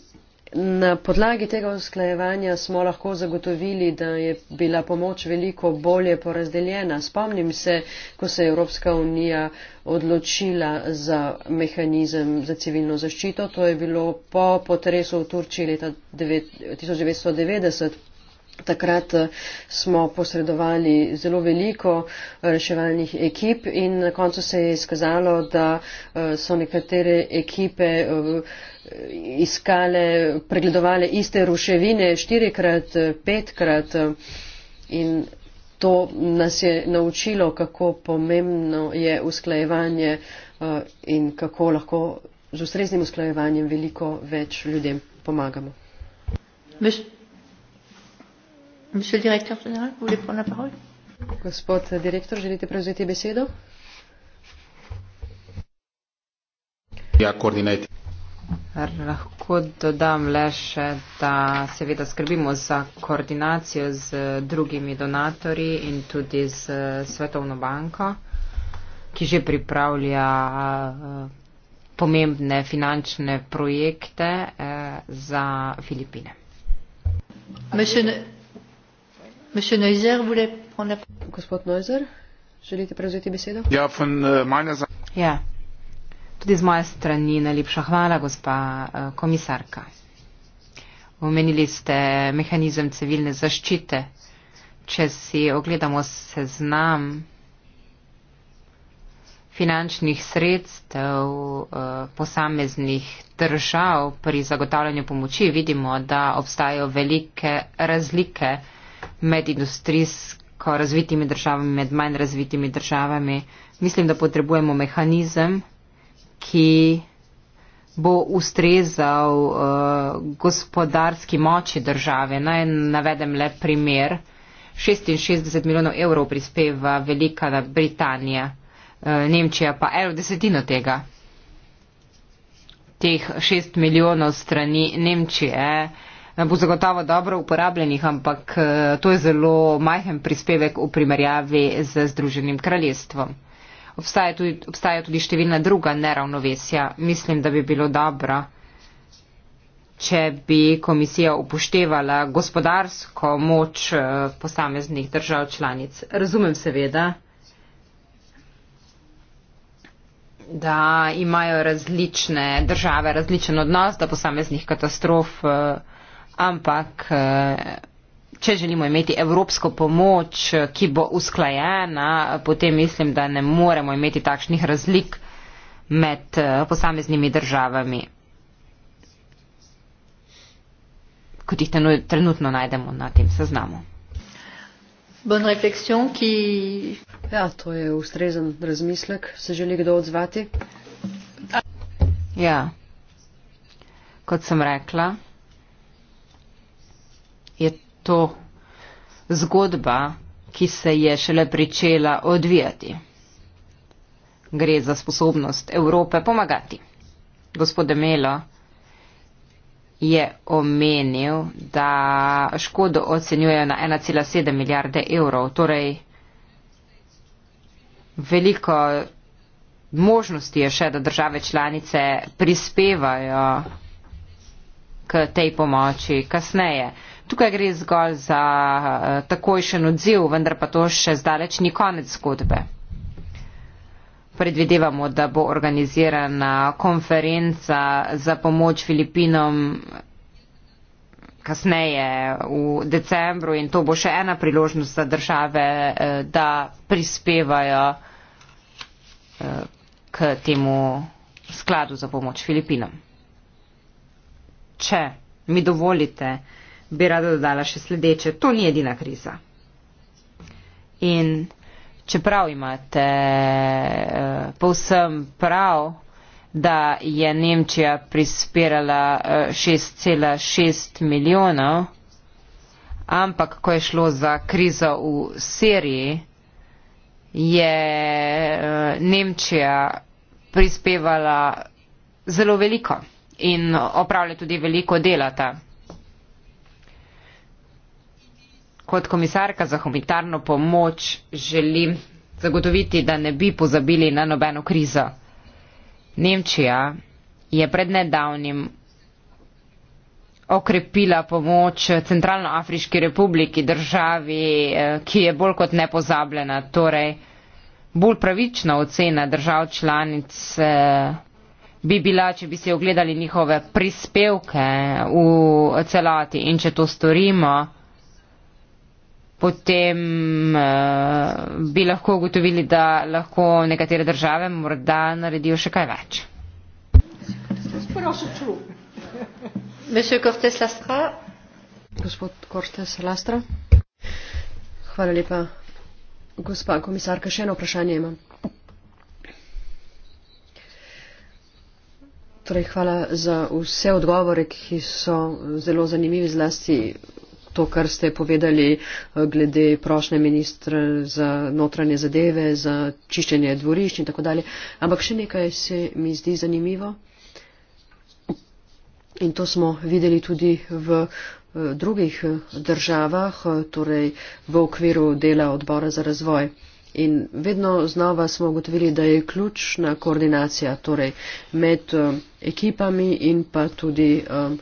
Speaker 1: Na podlagi tega usklajevanja smo lahko zagotovili, da je bila pomoč veliko bolje porazdeljena. Spomnim se, ko se je Evropska unija odločila za mehanizem za civilno zaščito. To je bilo po potresu v Turčiji leta 1990. Takrat eh, smo posredovali zelo veliko eh, reševalnih ekip in na koncu se je izkazalo, da eh, so nekatere ekipe iskale, pregledovali iste ruševine štirikrat, petkrat in to nas je naučilo, kako pomembno je usklajevanje in kako lahko z ustreznim usklajevanjem veliko več ljudem pomagamo.
Speaker 3: Monsieur le directeur général, vous voulez prendre la parole
Speaker 1: Gospod direktor, želite prevzeti
Speaker 4: besedo?
Speaker 2: Ja, koordinajte.
Speaker 4: Lahko dodam le še, da seveda skrbimo za koordinacijo z drugimi donatorji in tudi z Svetovno banko, ki že pripravlja eh, pomembne finančne projekte eh, za Filipine.
Speaker 3: Monsieur... Monsieur Neuser voulait prendre la parole. Gospod Neuser,
Speaker 4: želite prevzeti besedo? Ja, von eh, meiner Seite. Ja. Tudi z moje strani najlepša hvala, gospa eh, komisarka. Omenili ste mehanizem civilne zaščite. Če si ogledamo seznam finančnih sredstev eh, posameznih držav pri zagotavljanju pomoči, vidimo, da obstajajo velike razlike med industrijsko razvitimi državami, med manj razvitimi državami. Mislim, da potrebujemo mehanizem, ki bo ustrezal uh, gospodarski moči države. Naj navedem le primer. 66 milijonov evrov prispeva Velika Britanija, uh, Nemčija pa eno desetino tega. Teh 6 milijonov strani Nemčije. Uh, bo zagotovo dobro uporabljenih, ampak eh, to je zelo majhen prispevek v primerjavi z Združenim kraljestvom. Obstaja tudi, obstaja tudi številna druga neravnovesja. Mislim, da bi bilo dobro, če bi komisija upoštevala gospodarsko moč eh, posameznih držav članic. Razumem seveda, da imajo različne države različen odnos do posameznih katastrof. Uh, ampak eh, če želimo imeti evropsko pomoč, eh, ki bo usklajena, eh, potem mislim, da ne moremo imeti takšnih razlik med posameznimi državami, kot jih trenutno najdemo na tem seznamu.
Speaker 1: Bon refleksion, ki. Ja, to je ustrezen razmislek. Se želi kdo odzvati?
Speaker 4: Ja, kot sem rekla je to zgodba, ki se je šele pričela odvijati. Gre za sposobnost Evrope pomagati. Gospod Melo je omenil, da škodo ocenjujejo na 1,7 milijarde evrov, torej veliko možnosti je še, da države članice prispevajo k tej pomoči kasneje. Tukaj gre zgolj za eh, takojšen odziv, vendar pa to še zdaleč ni konec zgodbe. Predvidevamo, da bo organizirana konferenca za pomoč Filipinom kasneje v decembru in to bo še ena priložnost za države, eh, da prispevajo eh, k temu skladu za pomoč Filipinom. Če mi dovolite, bi rada dodala še sledeče. To ni edina kriza. In čeprav imate uh, povsem prav, da je Nemčija prispirala uh, eh, 6,6 milijonov, ampak ko je šlo za krizo v Siriji, je uh, Nemčija prispevala zelo veliko in opravlja tudi veliko dela tam. Kot komisarka za humanitarno pomoč želim zagotoviti, da ne bi pozabili na nobeno krizo. Nemčija je pred nedavnim okrepila pomoč Centralnoafriški republiki državi, eh, ki je bolj kot nepozabljena, torej bolj pravična ocena držav članic eh, bi bila, če bi si ogledali njihove prispevke v celoti in če to storimo, potem uh, bi lahko ugotovili, da lahko nekatere države morda naredijo še kaj več.
Speaker 1: Gospod Kortes Lastra. Hvala lepa. Gospa komisarka, še eno vprašanje imam. Torej, hvala za vse odgovore, ki so zelo zanimivi, zlasti to, kar ste povedali eh, glede prošnje ministra za notranje zadeve, za čiščenje dvorišč in tako dalje. Ampak še nekaj se mi zdi zanimivo in to smo videli tudi v eh, drugih eh, državah, torej v okviru dela odbora za razvoj. In vedno znova smo ugotovili, da je ključna koordinacija torej, med ekipami in pa tudi um,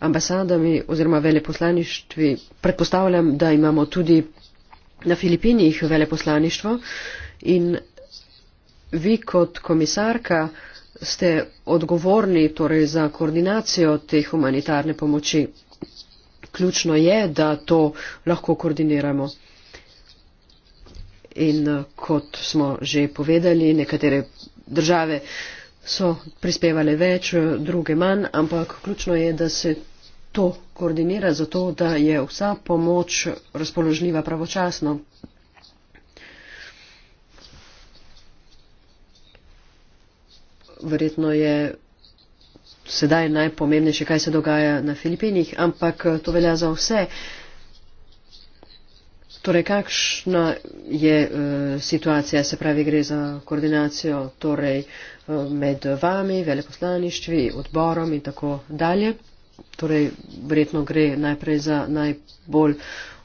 Speaker 1: ambasadami oziroma veleposlaništvi. Predpostavljam, da imamo tudi na Filipinih veleposlaništvo in vi kot komisarka ste odgovorni torej za koordinacijo te humanitarne pomoči. Ključno je, da to lahko koordiniramo. In eh, kot smo že povedali, nekatere države so prispevale več, druge manj, ampak ključno je, da se to koordinira zato, da je vsa pomoč razpoložljiva pravočasno. Verjetno je sedaj najpomembnejše, kaj se dogaja na Filipinih, ampak to velja za vse. Torej, kakšna je uh, situacija, se pravi, gre za koordinacijo torej, uh, med vami, veleposlaništvi, odborom in tako dalje. Torej, verjetno gre najprej za najbolj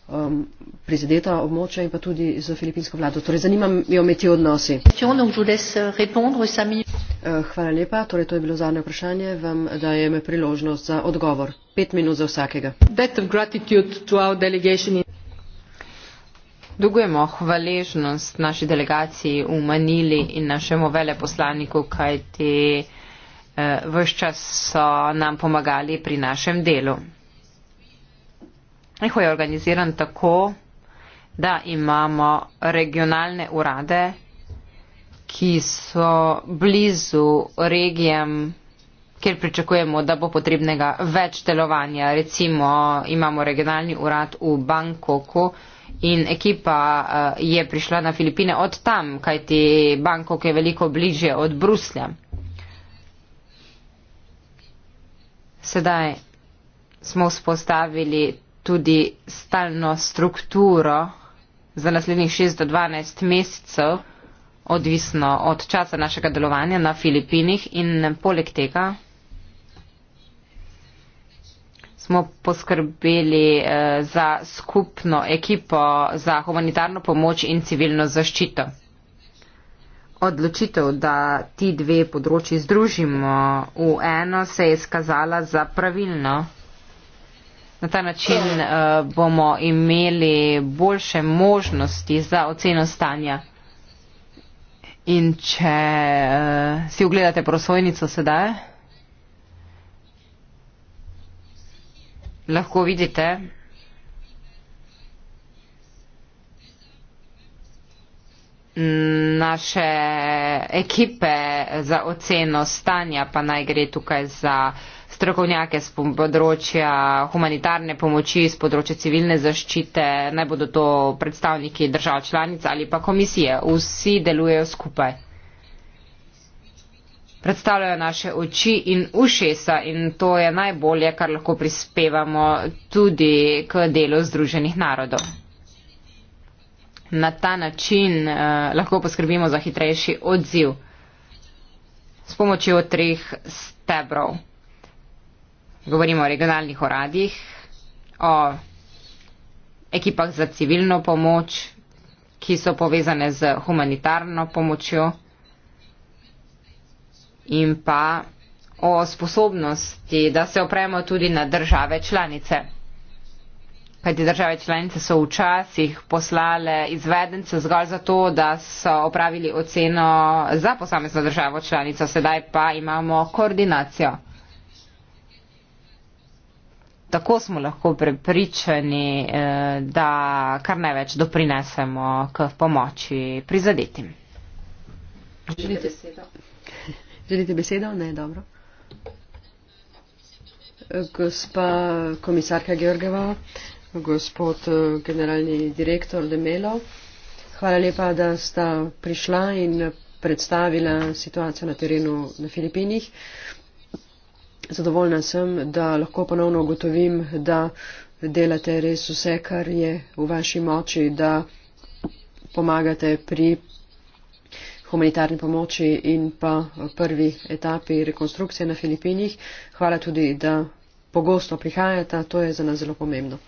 Speaker 1: um, prizadeta območja in pa tudi za filipinsko vlado. Torej, zanima me o meti odnosi. Eh, hvala lepa. Torej, to je bilo zadnje vprašanje. Vam dajem priložnost za odgovor. Pet minut za vsakega.
Speaker 4: Dugujemo hvaležnost naši delegaciji v Manili in našemu veleposlaniku, kajti eh, vse čas so nam pomagali pri našem delu. Eho je organiziran tako, da imamo regionalne urade, ki so blizu regijam, kjer pričakujemo, da bo potrebnega več delovanja. Recimo imamo regionalni urad v Bangkoku, in ekipa eh, je prišla na Filipine od tam, kajti Bangkok je veliko bližje od Bruslja. Sedaj smo vzpostavili tudi stalno strukturo za naslednjih 6 do 12 mesecev, odvisno od časa našega delovanja na Filipinih in poleg tega smo poskrbeli eh, za skupno ekipo za humanitarno pomoč in civilno zaščito. Odločitev, da ti dve področji združimo v eno, se je izkazala za pravilno. Na ta način uh, bomo imeli boljše možnosti za oceno stanja. In če uh, si ogledate prosojnico sedaj. lahko vidite, naše ekipe za oceno stanja pa naj gre tukaj za strokovnjake z področja humanitarne pomoči, z področja civilne zaščite, naj bodo to predstavniki držav članic ali pa komisije. Vsi delujejo skupaj predstavljajo naše oči in ušesa in to je najbolje, kar lahko prispevamo tudi k delu Združenih narodov. Na ta način eh, lahko poskrbimo za hitrejši odziv s pomočjo treh stebrov. Govorimo o regionalnih uradih, o ekipah za civilno pomoč, ki so povezane z humanitarno pomočjo in pa o sposobnosti, da se opremo tudi na države članice. Kajti države članice so včasih poslale izvedence zgolj zato, da so opravili oceno za posamezno državo članico, sedaj pa imamo koordinacijo. Tako smo lahko prepričani, eh, da kar največ doprinesemo k pomoči prizadetim.
Speaker 1: Želite seveda. Želite besedo? Ne, dobro. Gospa komisarka Georgeva, gospod generalni direktor Demelo, hvala lepa, da sta prišla in predstavila situacijo na terenu na Filipinih. Zadovoljna sem, da lahko ponovno ugotovim, da delate res vse, kar je v vaši moči, da pomagate pri humanitarni pomoči in pa eh, prvi etapi rekonstrukcije na Filipinih. Hvala tudi, da pogosto prihajate, to je za nas zelo pomembno.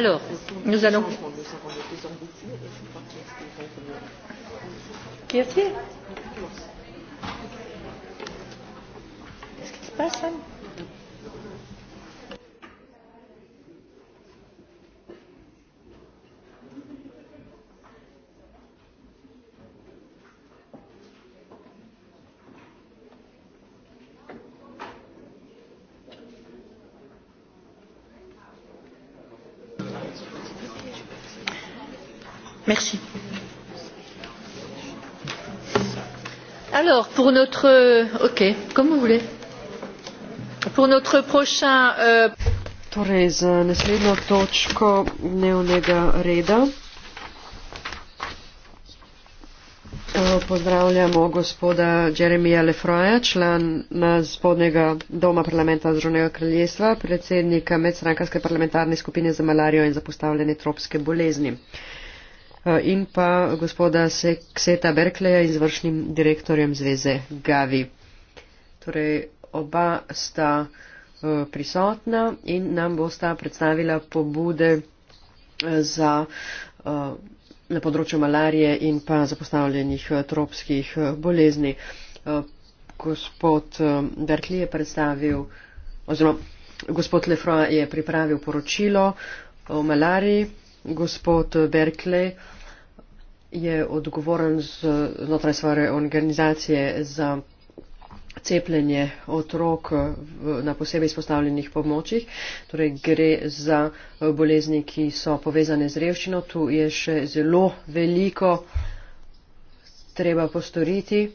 Speaker 3: alors nous allons qui est ce? Euh,
Speaker 1: torej z naslednjo točko dnevnega reda eh, pozdravljamo gospoda Jeremija Lefroja, član na spodnjega doma parlamenta Združenega kraljestva, predsednika medstrankarske parlamentarne skupine za malarijo in zapostavljene tropske bolezni. Eh, in pa gospoda Kseta Berkleja, izvršnim direktorjem zveze Gavi. Torej, oba sta eh, prisotna in nam bosta predstavila pobude eh, za, na področju malarije in pa zapostavljenih tropskih bolezni. Gospod Berkli je predstavil, oziroma gospod Lefroy je pripravil poročilo o malariji gospod Berkeley je odgovoren znotraj svoje organizacije za cepljenje otrok v, na posebej izpostavljenih pomočjih. Torej gre za bolezni, ki so povezane z revščino. Tu je še zelo veliko treba postoriti.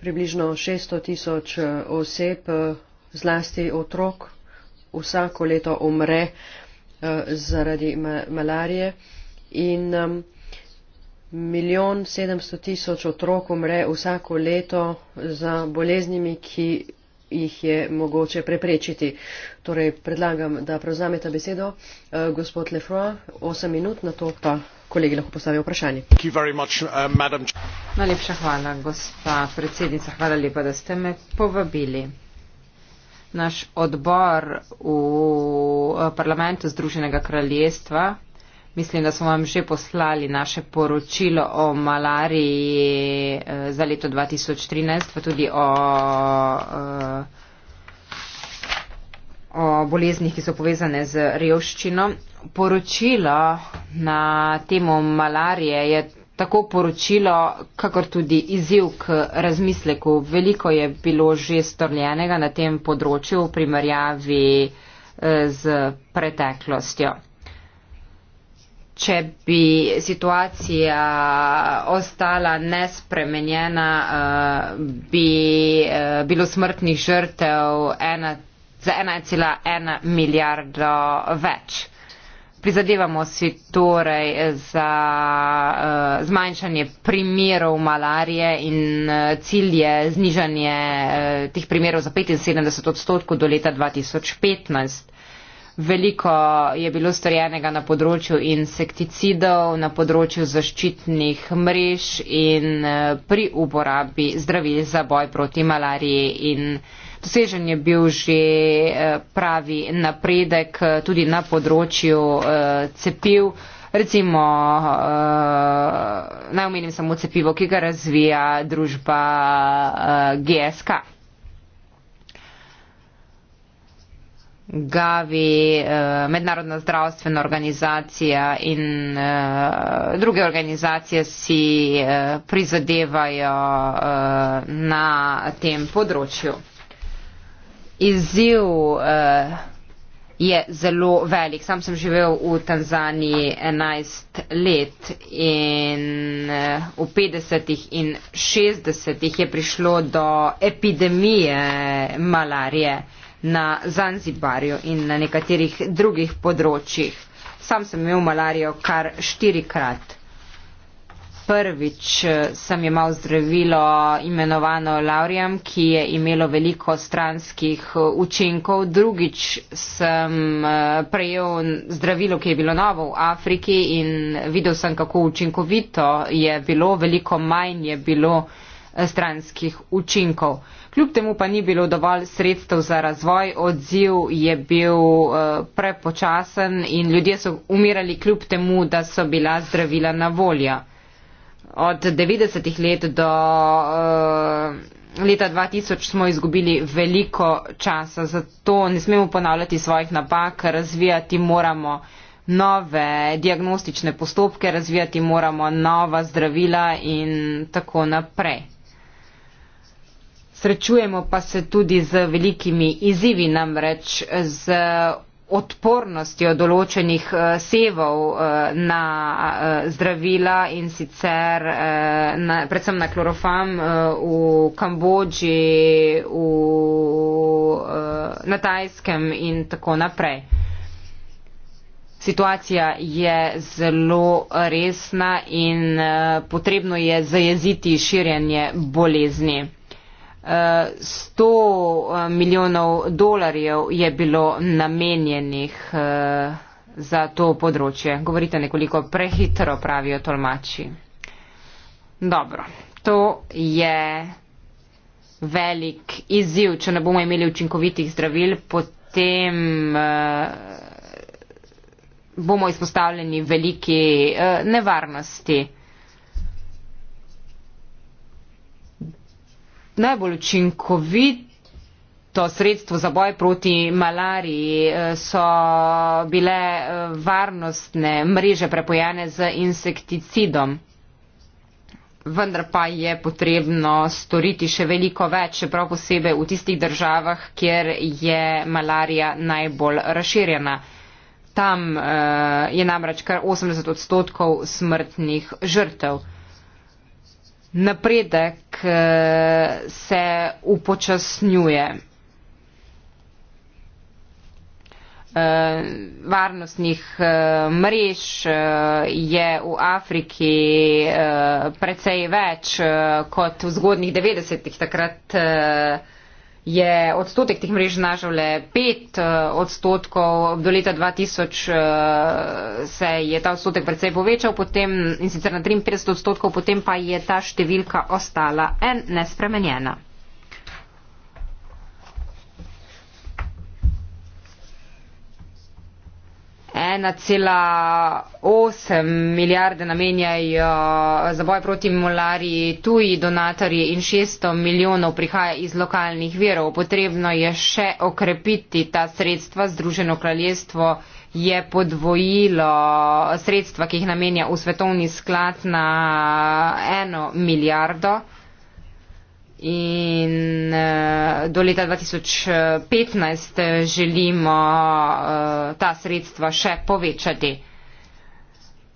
Speaker 1: Približno 600 tisoč oseb, zlasti otrok, vsako leto umre. Eh, zaradi malarije in milijon sedemsto tisoč otrok umre vsako leto za boleznimi, ki jih je mogoče preprečiti. Torej predlagam, da prevzamete besedo, eh, gospod Lefroy, osem minut, na to pa kolegi lahko postavijo vprašanje.
Speaker 5: Much,
Speaker 4: uh, Najlepša hvala, gospa predsednica, hvala lepa, da ste me povabili naš odbor v eh, parlamentu Združenega kraljestva. Mislim, da smo vam že poslali naše poročilo o malariji eh, za leto 2013, pa tudi o, eh, o boleznih, ki so povezane z revščino. Poročilo na temo malarije je tako poročilo, kakor tudi izziv k razmisleku. Veliko je bilo že storljenega na tem področju v primerjavi eh, z preteklostjo. Če bi situacija ostala nespremenjena, eh, bi eh, bilo smrtnih žrtev ena, za 1,1 milijardo več. Prizadevamo si torej za uh, zmanjšanje primerov malarije in uh, cilj je znižanje uh, teh primerov za 75 odstotkov do leta 2015. Veliko je bilo storjenega na področju insekticidov, na področju zaščitnih mrež in uh, pri uporabi zdravil za boj proti malariji in uh, Dosežen je bil že eh, pravi napredek eh, tudi na področju eh, cepiv. Recimo, naj omenim samo cepivo, ki ga razvija družba GSK. Gavi, mednarodna zdravstvena organizacija in druge organizacije si prizadevajo na tem področju izziv uh, je zelo velik. Sam sem živel v Tanzaniji 11 let in uh, v 50-ih in 60-ih je prišlo do epidemije malarije na Zanzibarju in na nekaterih drugih področjih. Sam sem imel malarijo kar štirikrat prvič eh, sem imel zdravilo imenovano Laurijam, ki je imelo veliko stranskih eh, učinkov. Drugič sem eh, prejel zdravilo, ki je bilo novo v Afriki in videl sem, kako učinkovito je bilo, veliko manj je bilo stranskih učinkov. Kljub temu pa ni bilo dovolj sredstev za razvoj, odziv je bil prepočasen in ljudje so umirali kljub temu, da so bila zdravila na voljo od 90-ih let do eh, leta 2000 smo izgubili veliko časa, zato ne smemo ponavljati svojih napak, razvijati moramo nove diagnostične postopke, razvijati moramo nova zdravila in tako naprej. Srečujemo pa se tudi z velikimi izzivi, namreč z odpornostjo določenih eh, sevov eh, na eh, zdravila in sicer na, predvsem na klorofam v Kambodži, v, na Tajskem in tako naprej. Situacija je zelo resna in potrebno je zajeziti širjenje bolezni. 100 eh, milijonov dolarjev je bilo namenjenih eh, za to področje. Govorite nekoliko prehitro, pravijo tolmači. Dobro, to je velik izziv. Če ne bomo imeli učinkovitih zdravil, potem eh, bomo izpostavljeni veliki nevarnosti. najbolj učinkovit. To sredstvo za boj proti malariji eh, so bile eh, varnostne mreže prepojene z insekticidom. Vendar pa je potrebno storiti še veliko več, prav posebej v tistih državah, kjer je malarija najbolj razširjena. Tam eh, je namreč kar 80 odstotkov smrtnih žrtev napredek eh, se upočasnjuje. Eh, varnostnih eh, mrež je v Afriki precej več kot v zgodnih 90-ih takrat je odstotek teh mrež znašal le 5 eh, odstotkov, do leta 2000 eh, se je ta odstotek precej povečal potem, in sicer na 53 odstotkov, potem pa je ta številka ostala en nespremenjena. 1,8 milijarde namenjajo za boj proti molariji tuji donatorji in 600 milijonov prihaja iz lokalnih verov. Potrebno je še okrepiti ta sredstva. Združeno kraljestvo je podvojilo sredstva, ki jih namenja v svetovni sklad na eno milijardo in eh, do leta 2015 želimo eh, ta sredstva še povečati.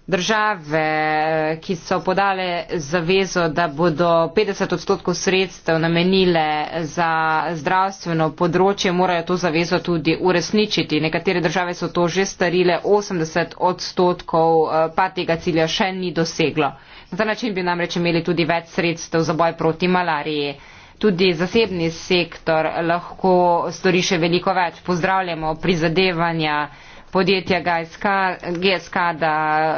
Speaker 4: Države, eh, ki so podale zavezo, da bodo 50 odstotkov sredstev namenile za zdravstveno področje, morajo to zavezo tudi uresničiti. Nekatere države so to že starile, 80 odstotkov pa tega cilja še ni doseglo. Na ta način bi namreč imeli tudi več sredstev za boj proti malariji. Tudi zasebni sektor lahko stori še veliko več. Pozdravljamo prizadevanja podjetja GSK, GSK da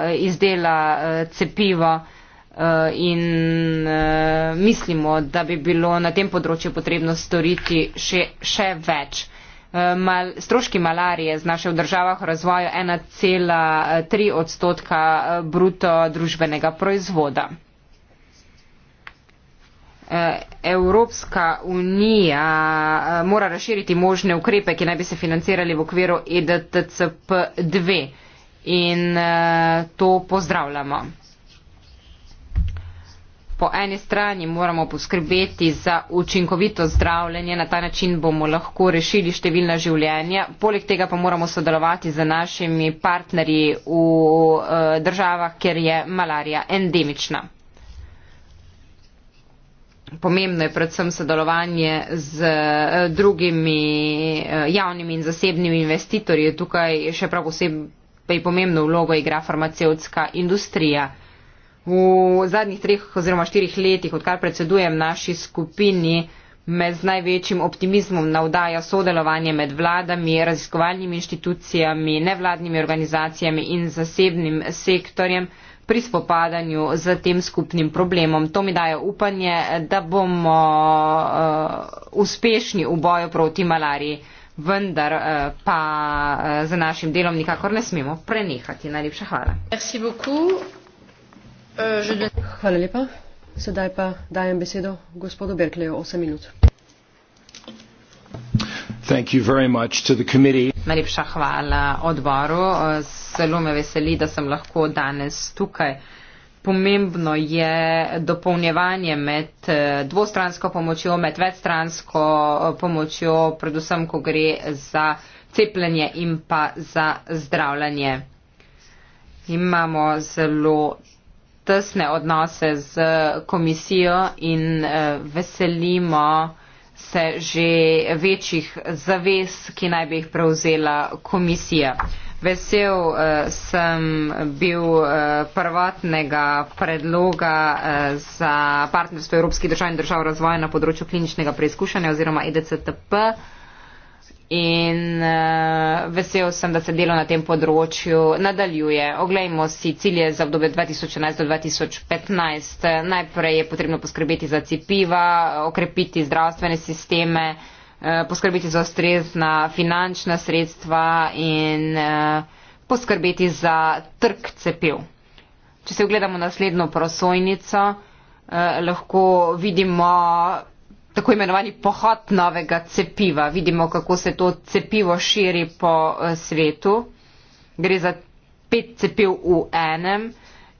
Speaker 4: eh, izdela eh, cepivo eh, in mislimo, da bi bilo na tem področju potrebno storiti še, še več. Eh, mal, stroški malarije znašajo v državah v razvoju 1,3 odstotka eh, bruto družbenega proizvoda. Eh, Evropska unija mora razširiti možne ukrepe, ki naj bi se financirali v okviru EDTCP2 in to pozdravljamo po eni strani moramo poskrbeti za učinkovito zdravljenje, na ta način bomo lahko rešili številna življenja, poleg tega pa moramo sodelovati z našimi partnerji v eh, državah, kjer je malarija endemična. Pomembno je predvsem sodelovanje z eh, drugimi eh, javnimi in zasebnimi investitorji. Tukaj še prav posebej pomembno vlogo igra farmacevtska industrija. V zadnjih treh oziroma štirih letih, odkar predsedujem naši skupini, me z največjim optimizmom navdaja sodelovanje med vladami, raziskovalnimi inštitucijami, nevladnimi organizacijami in zasebnim sektorjem pri spopadanju z tem skupnim problemom. To mi daje upanje, da bomo uh, uspešni v boju proti malariji, vendar uh, pa uh, eh, za našim delom nikakor ne smemo prenehati. Najlepša hvala.
Speaker 1: Merci beaucoup. Hvala lepa. Sedaj pa dajem besedo gospodu Berkleju, 8 minut.
Speaker 4: Thank you very much to the committee. Najlepša hvala odboru. Zelo me veseli, da sem lahko danes tukaj. Pomembno je dopolnjevanje med eh, dvostransko pomočjo, med večstransko eh, pomočjo, predvsem, ko gre za cepljenje in pa za zdravljanje. Imamo zelo tesne odnose z komisijo in eh, veselimo se že večjih zavez, ki naj bi jih prevzela komisija. Vesel eh, sem bil eh, prvotnega predloga za partnerstvo Evropskih držav in držav razvoja na področju kliničnega preizkušanja oziroma EDCTP in uh, vesel sem, da se delo na tem področju nadaljuje. Oglejmo si cilje za obdobje 2011 do 2015. Najprej je potrebno poskrbeti za cepiva, okrepiti zdravstvene sisteme, uh, poskrbeti za ustrezna finančna sredstva in uh, poskrbeti za trg cepiv. Če se ogledamo naslednjo prosojnico, uh, lahko vidimo tako imenovani pohod novega cepiva. Vidimo, kako se to cepivo širi po eh, svetu. Gre za pet cepiv v enem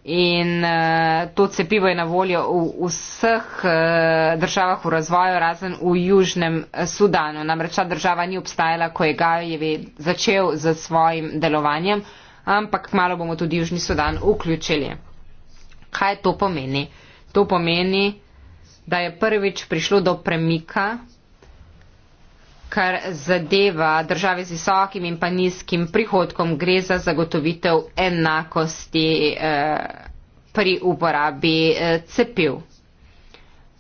Speaker 4: in eh, to cepivo je na voljo v vseh eh, državah v razvoju, razen v Južnem Sudanu. Namreč ta država ni obstajala, ko je Gajevi začel z svojim delovanjem, ampak malo bomo tudi Južni Sudan vključili. Kaj to pomeni? To pomeni, da je prvič prišlo do premika, kar zadeva države z visokim in pa nizkim prihodkom, gre za zagotovitev enakosti eh, pri uporabi eh, cepiv.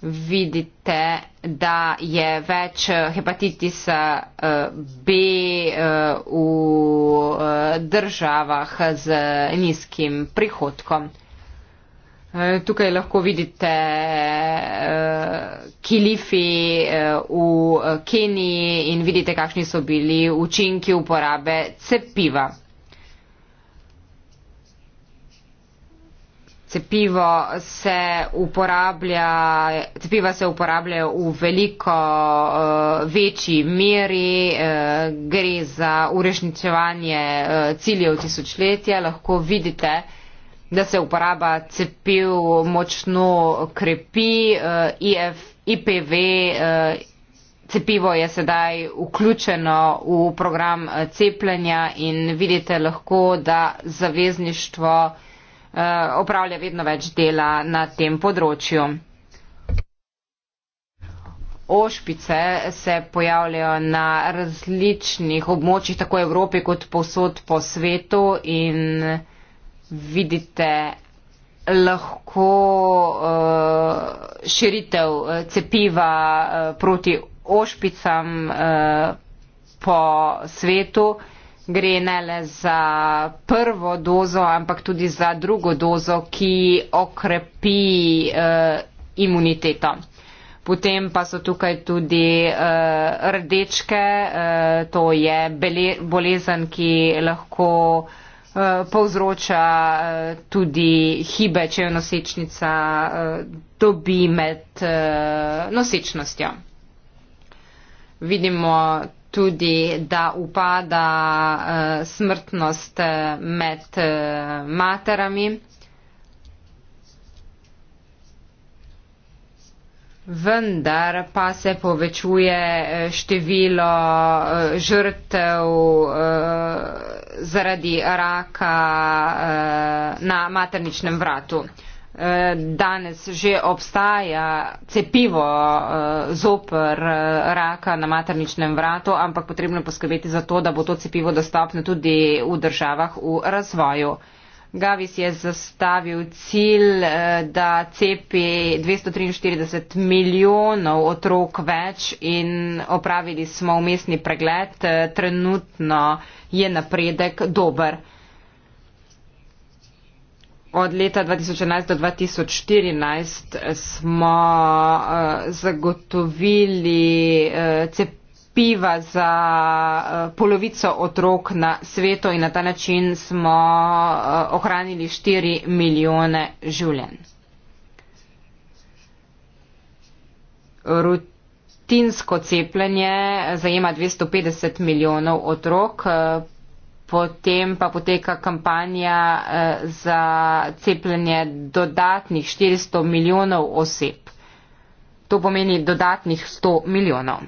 Speaker 4: Vidite, da je več eh, hepatitisa eh, B eh, v državah z nizkim prihodkom. Eh, tukaj lahko vidite uh, kilifi uh, v Keniji in vidite, kakšni so bili učinki uporabe cepiva. Cepivo se uporablja, cepiva se uporabljajo v veliko uh, večji meri, uh, gre za urešničevanje uh, ciljev tisočletja. Lahko vidite, uh, da se uporaba cepiv močno krepi, eh, IF, IPV, eh, cepivo je sedaj vključeno v program eh, cepljenja in vidite lahko, da zavezništvo opravlja vedno več dela na tem področju. Ošpice se pojavljajo na različnih območjih tako Evropi kot posod po svetu in vidite lahko uh, širitev eh, cepiva uh, proti ošpicam uh, po svetu. Gre ne le za prvo dozo, ampak tudi za drugo dozo, ki okrepi uh, imuniteto. Potem pa so tukaj tudi uh, rdečke, uh, to je bolezen, ki lahko uh, Eh, povzroča eh, tudi hibe, če jo nosečnica eh, dobi med nosečnostjo. Vidimo tudi, da upada smrtnost med materami. vendar pa se povečuje eh, število eh, žrtev eh, zaradi raka na materničnem vratu. Danes že obstaja cepivo zoper raka na materničnem vratu, ampak potrebno je poskrbeti za to, da bo to cepivo dostopno tudi v državah v razvoju. Gavis je zastavil cilj, eh, da cepi 243 milijonov otrok več in opravili smo umestni pregled. Eh, trenutno je napredek dober. Od leta 2011 do 2014 smo eh, zagotovili cepi prispeva za eh, polovico otrok na svetu in na ta način smo eh, ohranili 4 milijone življenj. Rutinsko cepljenje zajema 250 milijonov otrok, eh, potem pa poteka kampanja za cepljenje dodatnih 400 milijonov oseb. To pomeni dodatnih 100 milijonov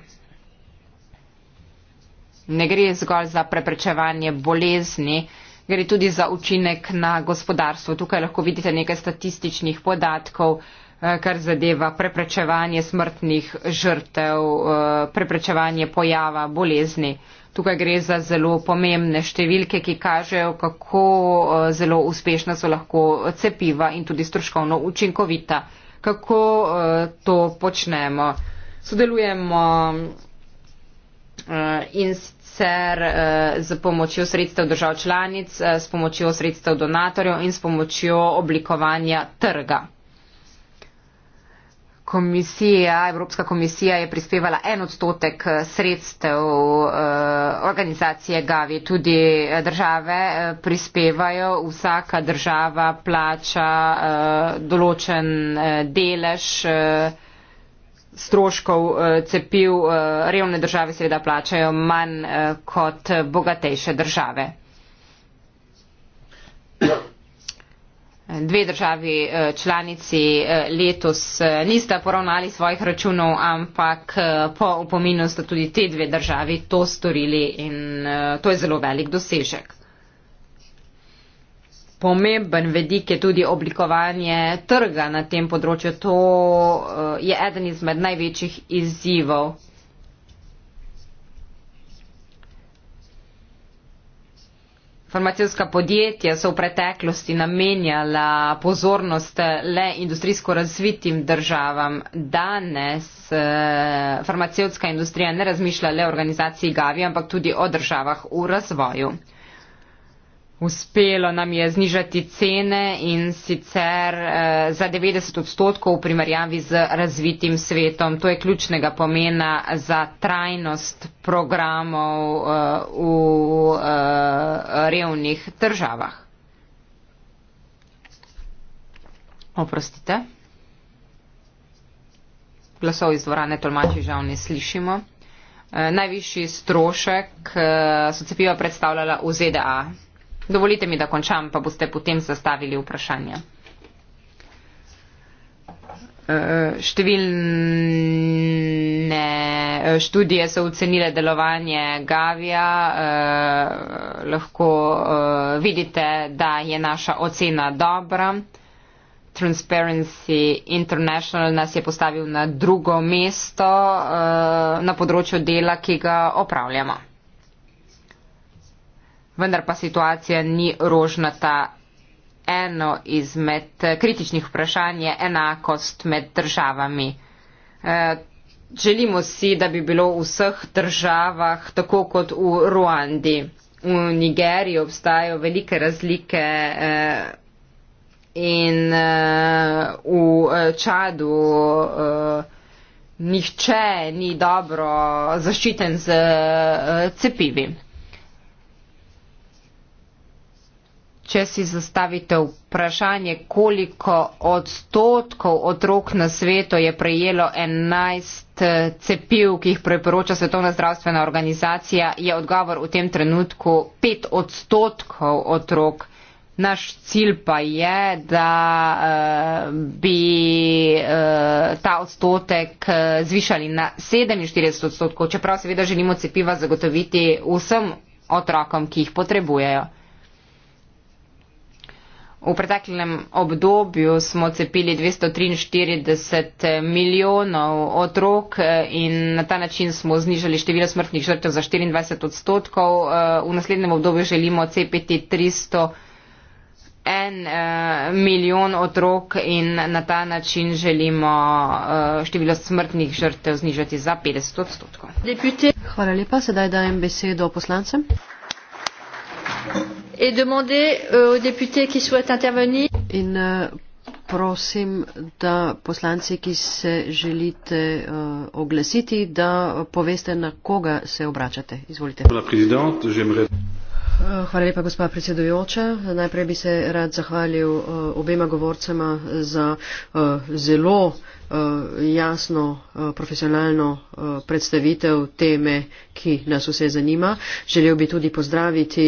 Speaker 4: ne gre zgolj za preprečevanje bolezni, gre tudi za učinek na gospodarstvo. Tukaj lahko vidite nekaj statističnih podatkov, eh, kar zadeva preprečevanje smrtnih žrtev, eh, preprečevanje pojava bolezni. Tukaj gre za zelo pomembne številke, ki kažejo, kako eh, zelo uspešna so lahko cepiva in tudi stroškovno učinkovita. Kako to počnemo? Sodelujemo Eh, in sicer z eh, pomočjo sredstev držav članic, eh, s pomočjo sredstev donatorjev in s pomočjo oblikovanja trga. Komisija, Evropska komisija je prispevala en odstotek sredstev organizacije Gavi, tudi države prispevajo, vsaka država plača določen delež stroškov eh, cepiv eh, revne države seveda plačajo manj eh, kot bogatejše države. Dve državi članici letos nista poravnali svojih računov, ampak po upominu sta tudi te dve državi to storili in to je zelo velik dosežek pomemben vedik je tudi oblikovanje trga na tem področju. To eh, je eden izmed največjih izzivov. Farmacijska podjetja so v preteklosti namenjala pozornost le industrijsko razvitim državam. Danes eh, farmacijska industrija ne razmišlja le o organizaciji Gavi, ampak tudi o državah v razvoju uspelo nam je znižati cene in sicer eh, za 90 odstotkov v primerjavi z razvitim svetom. To je ključnega pomena za trajnost programov eh, v eh, revnih državah. Oprostite. Glasov iz dvorane tolmači žal ne slišimo. Eh, najvišji strošek eh, so cepiva predstavljala v ZDA. Dovolite mi, da končam, pa boste potem zastavili vprašanje. Številne e, študije so ocenile delovanje Gavija. E, lahko e, vidite, da je naša ocena dobra. Transparency International nas je postavil na drugo mesto na področju dela, ki ga opravljamo vendar pa situacija ni rožnata. Eno izmed kritičnih vprašanj je enakost med državami. Eh, želimo si, da bi bilo v vseh državah, tako kot v Ruandi. V Nigeriji obstajajo velike razlike eh, in eh, v Čadu nihče ni dobro zaščiten z cepivi. če si zastavite vprašanje, koliko odstotkov otrok na svetu je prejelo 11 eh, cepiv, ki jih preporoča Svetovna zdravstvena organizacija, je odgovor v tem trenutku 5 odstotkov otrok. Naš cilj pa je, da uh, bi uh, ta odstotek zvišali na 47 odstotkov, čeprav seveda želimo cepiva zagotoviti vsem otrokom, ki jih potrebujejo. V preteklem obdobju smo cepili 243 milijonov otrok eh, in na ta način smo znižali število smrtnih žrtev za 24 odstotkov. Eh, v naslednjem obdobju želimo cepiti 301 eh, milijon otrok in na ta način želimo število smrtnih žrtev znižati za 50 odstotkov.
Speaker 1: Hvala lepa, sedaj dajem besedo poslancem et demander euh, aux députés qui souhaitent intervenir. In, uh, prosim, da poslanci, ki se želite uh, oglasiti, da poveste, na koga se obračate. Izvolite. Hvala eh, lepa, gospa predsedujoča. Najprej bi se rad zahvalil uh, obema govorcema za uh, zelo uh, Eh, jasno eh, profesionalno eh, predstavitev teme, ki nas vse zanima. Želel bi tudi pozdraviti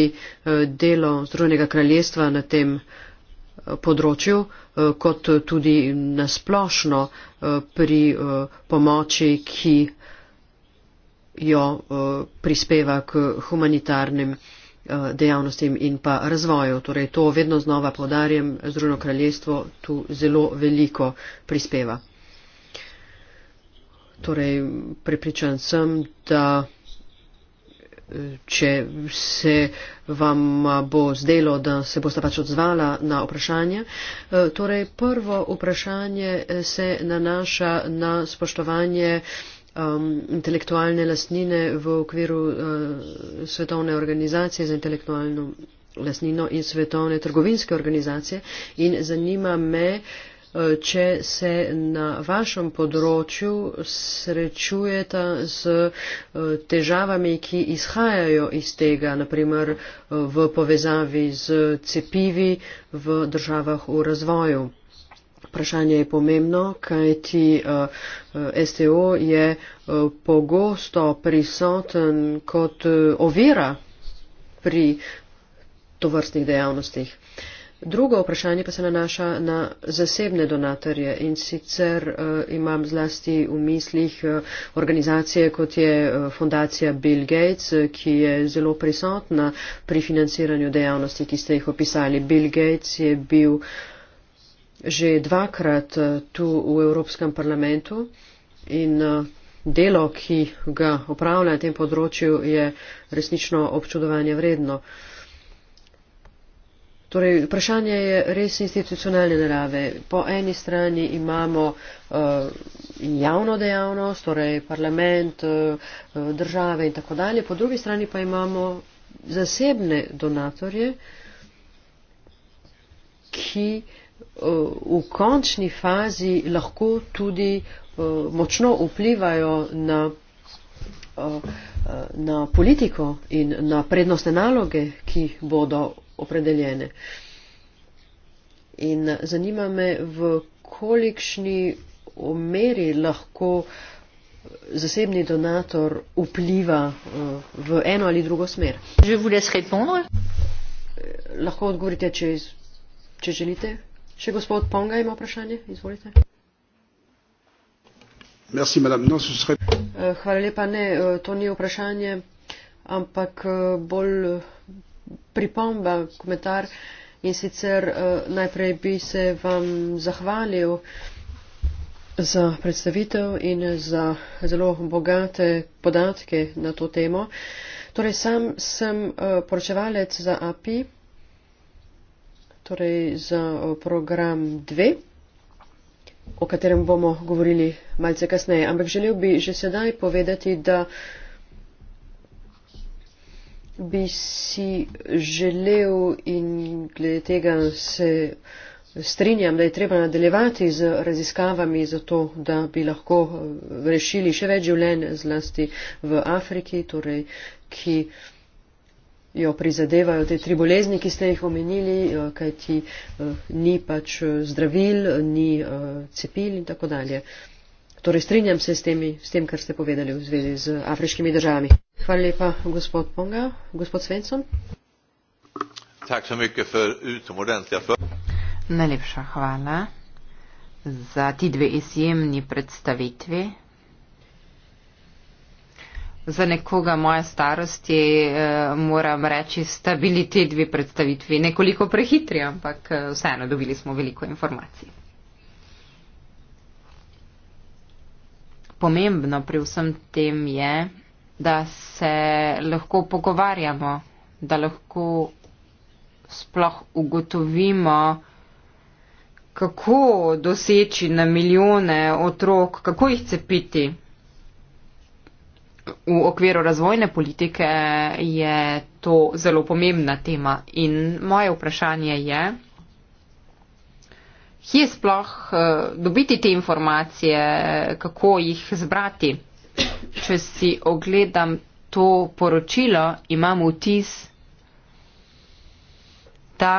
Speaker 1: delo Združenega kraljestva na tem področju, kot tudi nasplošno pri pomoči, ki jo prispeva k humanitarnim dejavnostim in pa razvoju. Torej, to vedno znova podarjam, Združeno kraljestvo tu zelo veliko prispeva. Torej, prepričan sem, da eh, če se vam eh, bo zdelo, da se boste pač odzvala na vprašanje. Eh, torej, prvo vprašanje se nanaša na spoštovanje um, intelektualne lastnine v okviru uh, Svetovne organizacije za intelektualno lastnino in Svetovne trgovinske organizacije. In zanima me, uh, če se na vašem področju srečujete z eh, težavami, ki izhajajo iz tega, naprimer eh, v povezavi z cepivi v državah v razvoju. Vprašanje je pomembno, kajti eh, STO je pogosto prisoten kot ovira pri tovrstnih dejavnostih. Drugo vprašanje pa se nanaša na zasebne donatorje in sicer uh, imam zlasti v mislih uh, organizacije kot je uh, eh, fondacija Bill Gates, ki je zelo prisotna pri financiranju dejavnosti, ki ste jih opisali. Bill Gates je bil že dvakrat uh, tu v Evropskem parlamentu in uh, Delo, ki ga opravlja na tem področju, je resnično občudovanje vredno. Uh, Torej, vprašanje je res institucionalne narave. Po eni strani imamo uh, javno dejavnost, torej parlament, uh, države in tako dalje, po drugi strani pa imamo zasebne donatorje, ki uh, v končni fazi lahko tudi uh, močno vplivajo na, uh, na politiko in na prednostne naloge, ki bodo opredeljene. In zanima me, v kolikšni omeri lahko zasebni donator vpliva eh, v eno ali drugo smer. Lahko odgovorite, če, če želite. Še gospod Ponga ima vprašanje. Izvolite.
Speaker 4: Merci, no, serait...
Speaker 1: Eh, hvala lepa. Ne, eh, to ni vprašanje, ampak bolj pripomba, komentar in sicer uh, najprej bi se vam zahvalil za predstavitev in za zelo bogate podatke na to temo. Torej, sam sem uh, poročevalec za API, torej za uh, program 2, o katerem bomo govorili malce kasneje, ampak želel bi že sedaj povedati, da uh, bi si želel in glede tega se strinjam, da je treba nadaljevati z raziskavami za to, da bi lahko eh, rešili še več življenj zlasti v Afriki, torej, ki jo prizadevajo te tri bolezni, ki ste jih omenili, eh, kajti eh, ni pač zdravil, ni cepil in tako dalje. Torej strinjam se s, temi, s tem, kar ste povedali v zvezi z afriškimi državami.
Speaker 4: Najlepša hvala za ti dve izjemni predstavitvi. Za nekoga moje starosti eh, moram reči, sta bili ti dve predstavitvi nekoliko prehitri, ampak eh, vseeno dobili smo veliko informacij. Pomembno pri vsem tem je, da se lahko pogovarjamo, da lahko sploh ugotovimo, kako doseči na milijone otrok, kako jih cepiti. V okviru razvojne politike je to zelo pomembna tema in moje vprašanje je, kje sploh eh, dobiti te informacije, kako jih zbrati če si ogledam to poročilo, imam vtis, da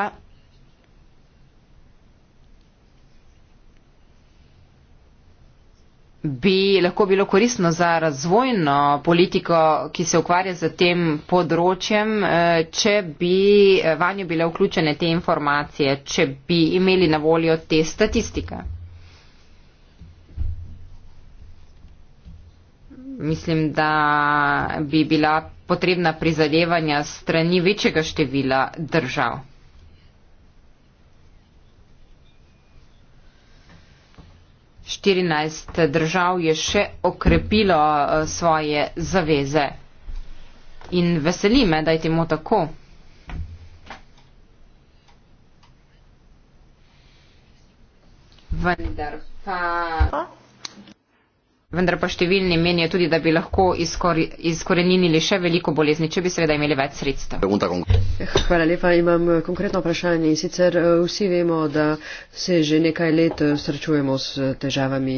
Speaker 4: bi lahko bilo korisno za razvojno politiko, ki se ukvarja z tem področjem, eh, če bi eh, vanjo bile vključene te informacije, če bi imeli na voljo te statistike. mislim, da bi bila potrebna prizadevanja strani večjega števila držav. Štirinajst držav je še okrepilo eh, svoje zaveze in veseli me, da je temu tako. Vendar pa. pa? vendar pa številni menijo tudi, da bi lahko izkorenili še veliko bolezni, če bi seveda imeli več sredstev. Hvala
Speaker 1: lepa, imam eh, konkretno vprašanje. Sicer eh, vsi vemo, da se že nekaj let eh, srečujemo s težavami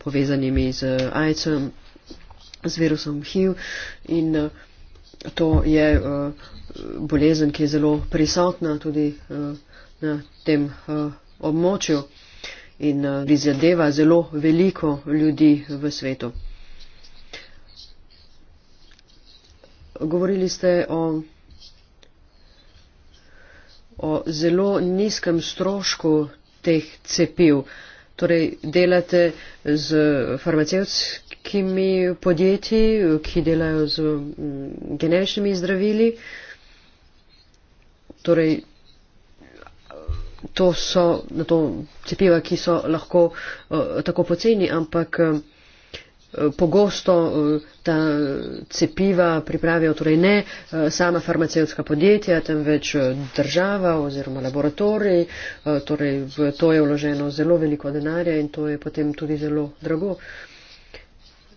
Speaker 1: povezanimi z AIDS-om, z virusom HIV in to je bolezen, ki je zelo prisotna tudi na tem območju in eh, prizadeva zelo veliko ljudi v svetu. Govorili ste o, o zelo nizkem strošku teh cepiv. Torej, delate z farmacevskimi podjetji, ki delajo z mm, generičnimi zdravili. Torej, to so na to cepiva, ki so lahko uh, tako poceni, ampak uh, pogosto uh, ta cepiva pripravijo torej ne uh, sama farmacevtska podjetja, temveč država oziroma laboratoriji. Uh, torej v to je vloženo zelo veliko denarja in to je potem tudi zelo drago. Uh,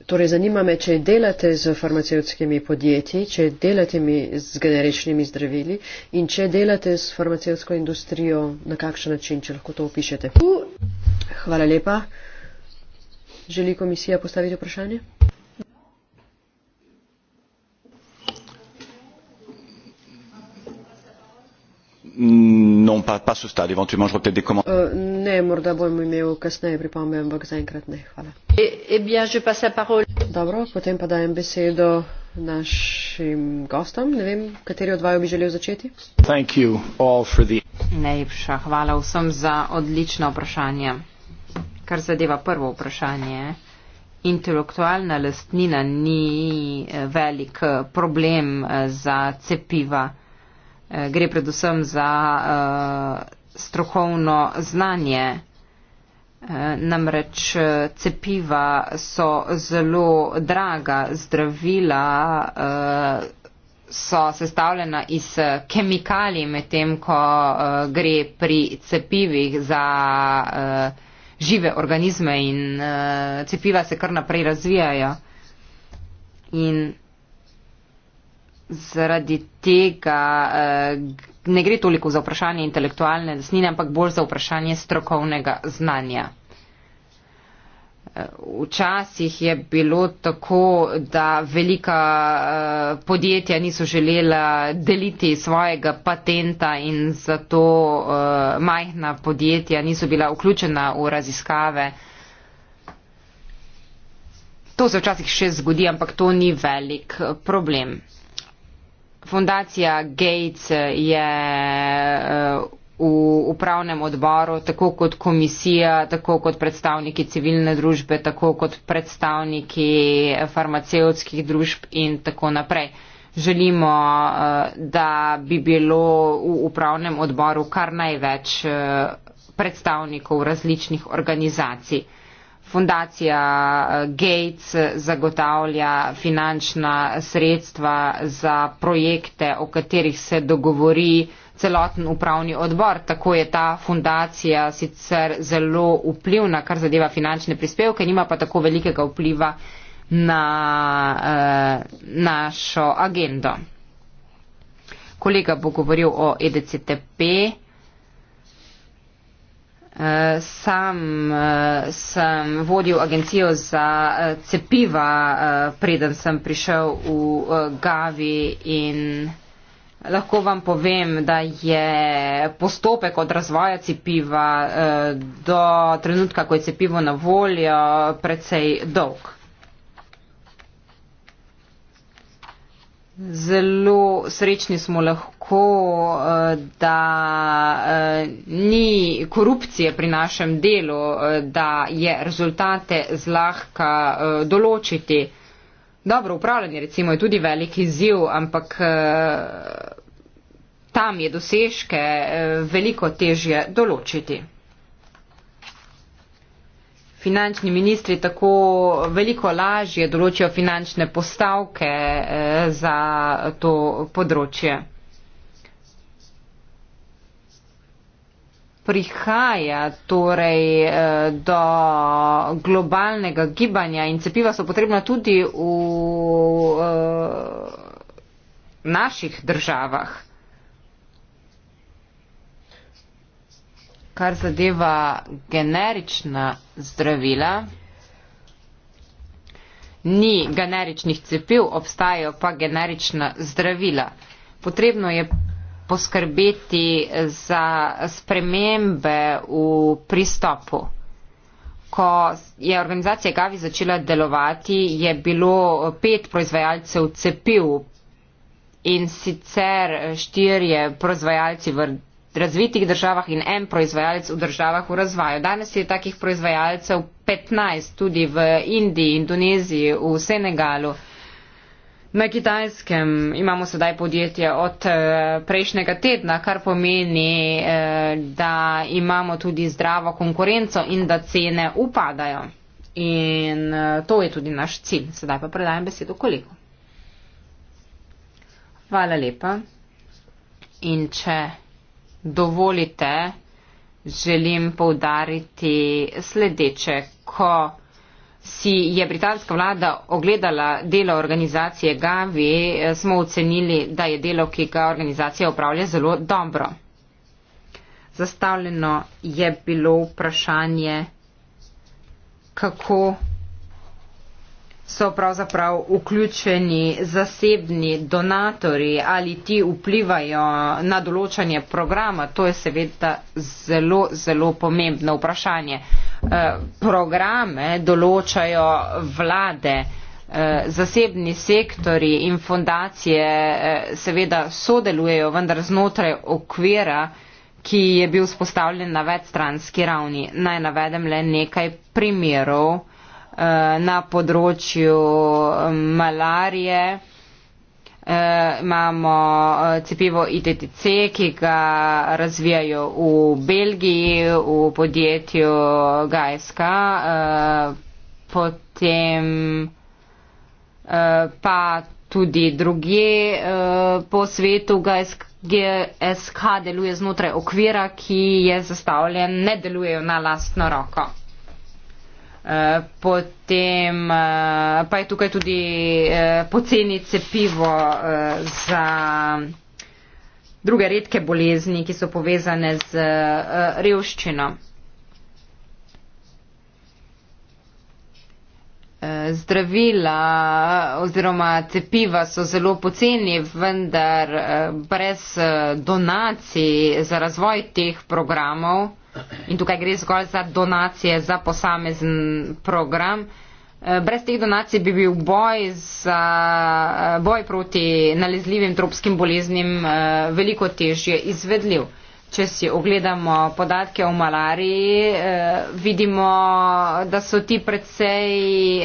Speaker 1: Torej, zanima me, če delate z farmacevskimi podjetji, če delate z generičnimi zdravili in če delate s farmacevsko industrijo, na kakšen način, če lahko to opišete. Hvala lepa. Želi komisija postaviti vprašanje?
Speaker 3: Non, pa, pa so stali, eventualno je bilo tudi komando.
Speaker 1: Uh, ne, morda bomo imeli kasneje pripombe, ampak zaenkrat ne. Hvala. Eh, eh Dobro, potem pa dajem besedo našim gostom. Ne vem, kateri od vaju bi želel začeti.
Speaker 2: The...
Speaker 4: Najlepša hvala vsem za odlično vprašanje. Kar zadeva prvo vprašanje, intelektualna lastnina ni eh, velik problem za cepiva. Eh, gre predvsem za uh, strokovno znanje. Eh, namreč cepiva so zelo draga, zdravila so sestavljena iz kemikalij, medtem ko gre pri cepivih za žive organizme in cepiva se kar naprej razvijajo. In zaradi tega eh, ne gre toliko za vprašanje intelektualne desnine, ampak bolj za vprašanje strokovnega znanja. Eh, včasih je bilo tako, da velika eh, podjetja niso želela deliti svojega patenta in zato majhna podjetja niso bila vključena v raziskave. To se včasih še zgodi, ampak to ni velik problem. Fundacija Gates je eh, v upravnem odboru, tako kot komisija, tako kot predstavniki civilne družbe, tako kot predstavniki farmacevskih družb in tako naprej. Želimo, eh, da bi bilo v upravnem odboru kar največ eh, predstavnikov različnih organizacij. Fundacija eh, Gates eh, zagotavlja finančna sredstva za projekte, o katerih se dogovori celoten upravni odbor. Tako je ta fundacija sicer zelo vplivna, kar zadeva finančne prispevke, nima pa tako velikega vpliva na eh, našo agendo. Kolega bo govoril o EDCTP. Eh, sam eh, sem vodil agencijo za eh, cepiva, preden sem prišel v Gavi in lahko vam povem, da je postopek od razvoja cepiva do trenutka, ko je cepivo na voljo, precej dolg. Zelo srečni smo lahko, eh, da eh, ni korupcije pri našem delu, eh, da je rezultate zlahka določiti. Dobro upravljanje recimo je tudi velik izziv, ampak tam je dosežke veliko težje določiti finančni ministri tako veliko lažje določijo finančne postavke eh, za to področje. Prihaja torej eh, do globalnega gibanja in cepiva so potrebna tudi v eh, naših državah. kar zadeva generična zdravila, ni generičnih cepiv, obstajajo pa generična zdravila. Potrebno je poskrbeti za spremembe v pristopu. Ko je organizacija Gavi začela delovati, je bilo pet proizvajalcev cepiv in sicer štirje proizvajalci v razvitih državah in en proizvajalec v državah v razvoju. Danes je takih proizvajalcev 15 tudi v Indiji, Indoneziji, v Senegalu. Na kitajskem imamo sedaj podjetje od eh, prejšnjega tedna, kar pomeni, eh, da imamo tudi zdravo konkurenco in da cene upadajo. In eh, to je tudi naš cilj. Sedaj pa predajam besedo kolegu. Hvala lepa. In če dovolite, želim povdariti sledeče. Ko si je britanska vlada ogledala delo organizacije Gavi, smo ocenili, da je delo, ki ga organizacija upravlja, zelo dobro. Zastavljeno je bilo vprašanje, kako so pravzaprav vključeni zasebni donatori ali ti vplivajo na določanje programa, to je seveda zelo, zelo pomembno vprašanje. Eh, programe določajo vlade, eh, zasebni sektori in fondacije eh, seveda sodelujejo, vendar znotraj okvira, ki je bil spostavljen na večstranski ravni. Naj navedem le nekaj primerov Eh, na področju eh, malarije. Eh, imamo cepivo ITTC, ki ga razvijajo v Belgiji, v podjetju GSK. Potem pa tudi druge po svetu GSK. GSK deluje znotraj okvira, ki je zastavljen, ne delujejo na lastno roko. Eh, potem eh, pa je tukaj tudi eh, poceni cepivo za druge redke bolezni, ki so povezane z revščino. Zdravila oziroma cepiva so zelo poceni, vendar brez donacij za razvoj teh programov. In tukaj gre zgolj za donacije za posamezen program. Eh, brez teh donacij bi bil boj, za, eh, boj proti nalezljivim tropskim boleznim eh, veliko težje izvedljiv. Če si ogledamo podatke o malariji, vidimo, da so ti predvsej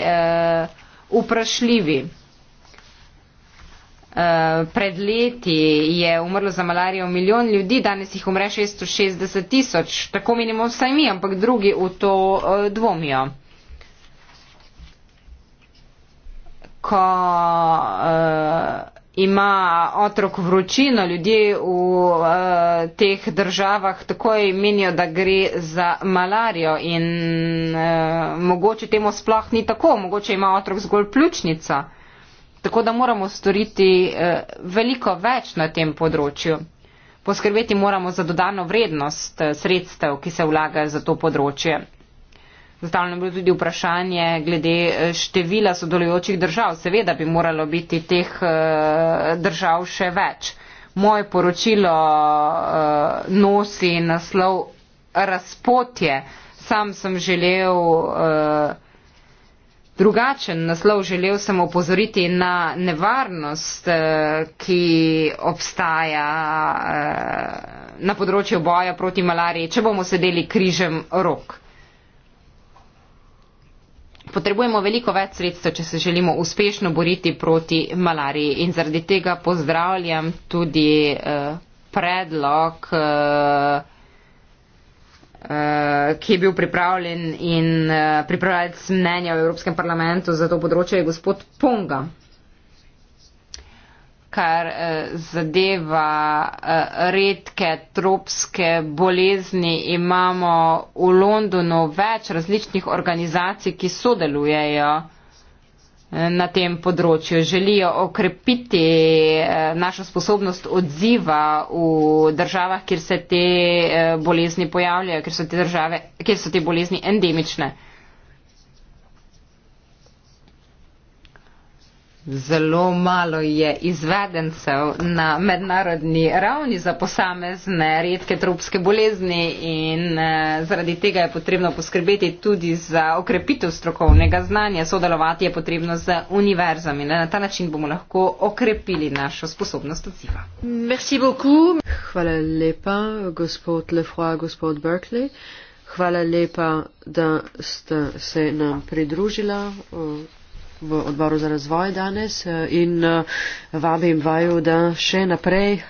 Speaker 4: vprašljivi. Eh, pred leti je umrlo za malarijo milijon ljudi, danes jih umre 660 tisoč. Tako menimo vsaj mi, ampak drugi v to uh, dvomijo. Ko uh, ima otrok vročino, ljudje v uh, teh državah takoj menijo, da gre za malarijo in uh, mogoče temu sploh ni tako, mogoče ima otrok zgolj pljučnica. Uh, Tako da moramo storiti eh, veliko več na tem področju. Poskrbeti moramo za dodano vrednost eh, sredstev, ki se vlaga za to področje. Zastavljeno je bilo tudi vprašanje glede eh, števila sodelujočih držav. Seveda bi moralo biti teh držav še več. Moje poročilo nosi naslov razpotje. Sam sem želel drugačen naslov, želel sem opozoriti na nevarnost, eh, ki obstaja eh, na področju boja proti malariji, če bomo sedeli križem rok. Potrebujemo veliko več sredstev, če se želimo uspešno boriti proti malariji in zaradi tega pozdravljam tudi eh, predlog uh, ki je bil pripravljen in uh, pripravljalec mnenja v Evropskem parlamentu za to področje, je gospod Ponga. Kar uh, zadeva uh, redke tropske bolezni, imamo v Londonu več različnih organizacij, ki sodelujejo. Eh, na tem področju. Želijo okrepiti eh, našo sposobnost odziva v državah, kjer se te eh, bolezni pojavljajo, kjer so te, države, kjer so te bolezni endemične. Zelo malo je izvedencev na mednarodni ravni za posamezne redke tropske bolezni in eh, zaradi tega je potrebno poskrbeti tudi za okrepitev strokovnega znanja. Sodelovati je potrebno z univerzami. Na ta način bomo lahko okrepili našo sposobnost odziva.
Speaker 1: Hvala lepa, gospod Lefroy, gospod Berkeley. Hvala lepa, da ste se nam pridružila. Eh, v odboru za razvoj danes eh, in eh, vabim vaju, da še naprej eh,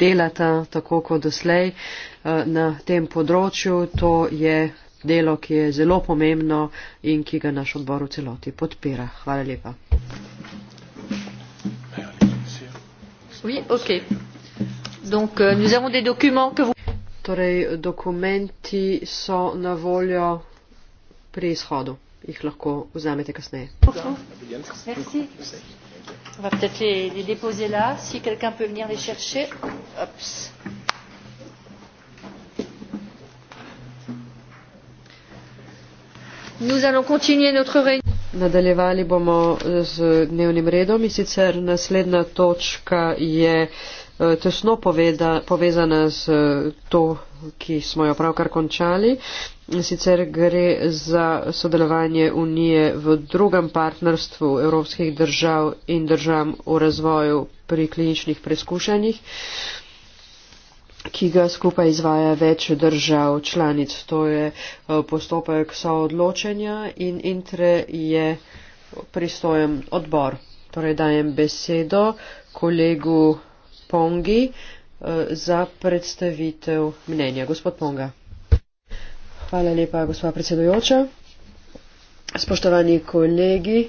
Speaker 1: delata tako kot doslej na tem področju. To je delo, ki je zelo pomembno in ki ga naš odbor v celoti podpira. Hvala lepa. Oui, okay. Donc, euh, nous avons des documents que vous... Torej, dokumenti so na voljo pri izhodu jih lahko vzamete kasneje. Nadaljevali bomo z dnevnim redom in sicer naslednja točka je eh, tesno poveda, povezana z eh, to, ki smo jo pravkar končali sicer gre za sodelovanje Unije v drugem partnerstvu evropskih držav in držav v razvoju pri kliničnih preskušanjih, ki ga skupaj izvaja več držav članic. To je eh, postopek soodločenja in intre je pristojen odbor. Torej dajem besedo kolegu Pongi eh, za predstavitev mnenja. Gospod Ponga. Hvala lepa, gospa predsedujoča. Spoštovani kolegi,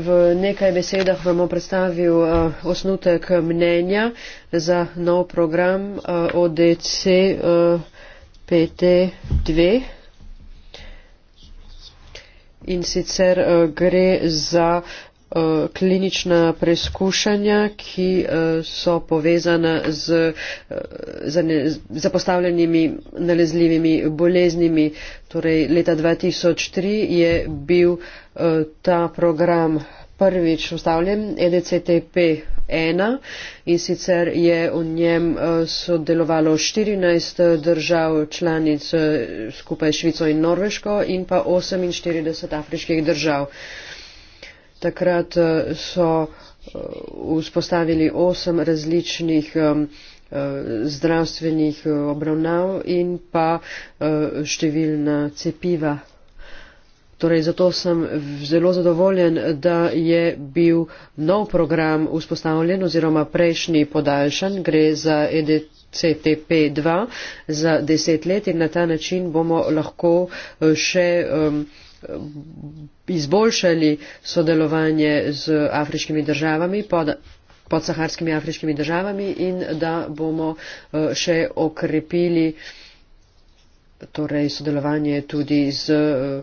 Speaker 1: v nekaj besedah vam bom predstavil uh, osnutek mnenja za nov program uh, eh, ODC uh, eh, PT2. In sicer uh, gre za uh, Eh, klinična preizkušanja, ki eh, so povezana z eh, zapostavljenimi nalezljivimi boleznimi. Torej, leta 2003 je bil ta program prvič ustavljen, EDCTP1, in sicer je v njem sodelovalo 14 držav članic skupaj Švico in Norveško in pa 48 afriških držav. Takrat eh, so eh, vzpostavili osem različnih eh, zdravstvenih obravnav in pa številna cepiva. Torej, zato sem zelo zadovoljen, da je bil nov program vzpostavljen oziroma prejšnji podaljšan. Gre za EDCTP2 za deset let in na ta način bomo lahko še um, izboljšali sodelovanje z afriškimi državami, pod, podsaharskimi afriškimi državami in da bomo eh, še okrepili torej, sodelovanje tudi z eh,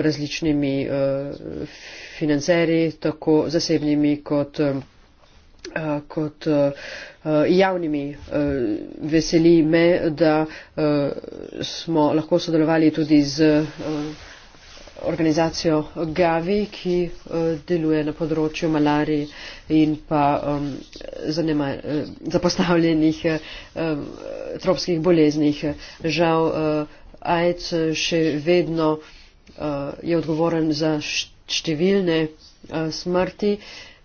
Speaker 1: različnimi eh, financeri, tako zasebnimi kot kot javnimi. Veseli me, da smo lahko sodelovali tudi z organizacijo Gavi, ki eh, deluje na področju malarije in pa um, zanima, eh, zapostavljenih um, tropskih boleznih. Žal, uh, AIDS še vedno uh, je odgovoren za številne uh, smrti,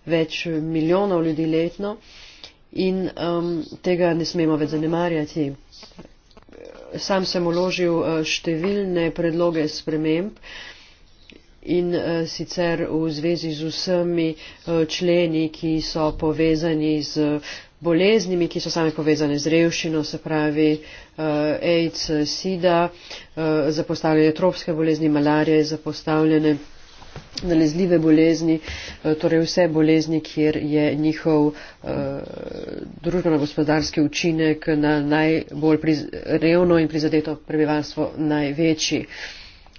Speaker 1: več milijonov ljudi letno in um, tega ne smemo več zanemarjati. Sam sem uložil številne predloge sprememb, uh, in eh, sicer v zvezi z vsemi eh, členi, ki so povezani z boleznimi, ki so same povezane z revščino, se pravi eh, AIDS, SIDA, zapostavljene tropske bolezni, malarije, zapostavljene nalezljive bolezni, torej vse bolezni, kjer je njihov družbeno-gospodarski učinek na najbolj revno in prizadeto prebivalstvo največji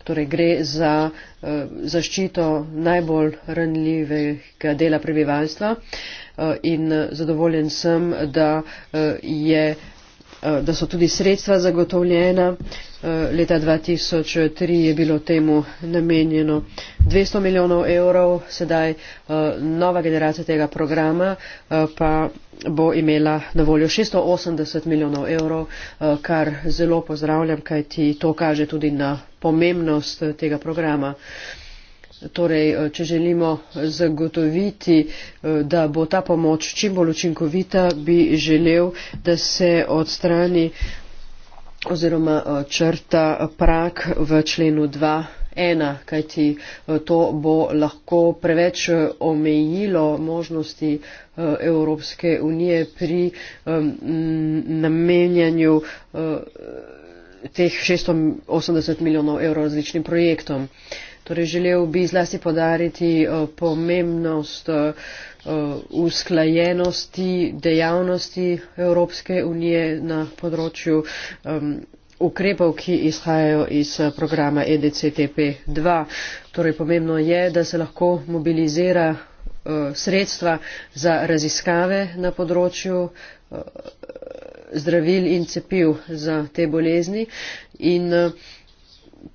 Speaker 1: torej gre za uh, zaščito najbolj ranljivega dela prebivalstva uh, in eh, zadovoljen sem, da uh, je uh, Eh, da so tudi sredstva zagotovljena. Eh, leta 2003 je bilo temu namenjeno 200 milijonov evrov, sedaj eh, nova generacija tega programa pa bo imela na voljo 680 milijonov evrov, kar zelo pozdravljam, kaj ti to kaže tudi na pomembnost tega programa. Torej, eh, če želimo zagotoviti, eh, da bo ta pomoč čim bolj učinkovita, bi želel, da se odstrani oziroma eh, črta prak v členu 2. Ena, kajti to bo lahko preveč omejilo možnosti Evropske unije pri namenjanju teh 680 milijonov evrov različnim projektom. Torej želel bi zlasti podariti eh, pomembnost eh, eh, usklajenosti dejavnosti Evropske unije na področju ukrepov, ki izhajajo iz programa EDCTP2. Torej pomembno je, da se lahko mobilizira sredstva za raziskave na področju zdravil in cepiv za te bolezni. In, uh,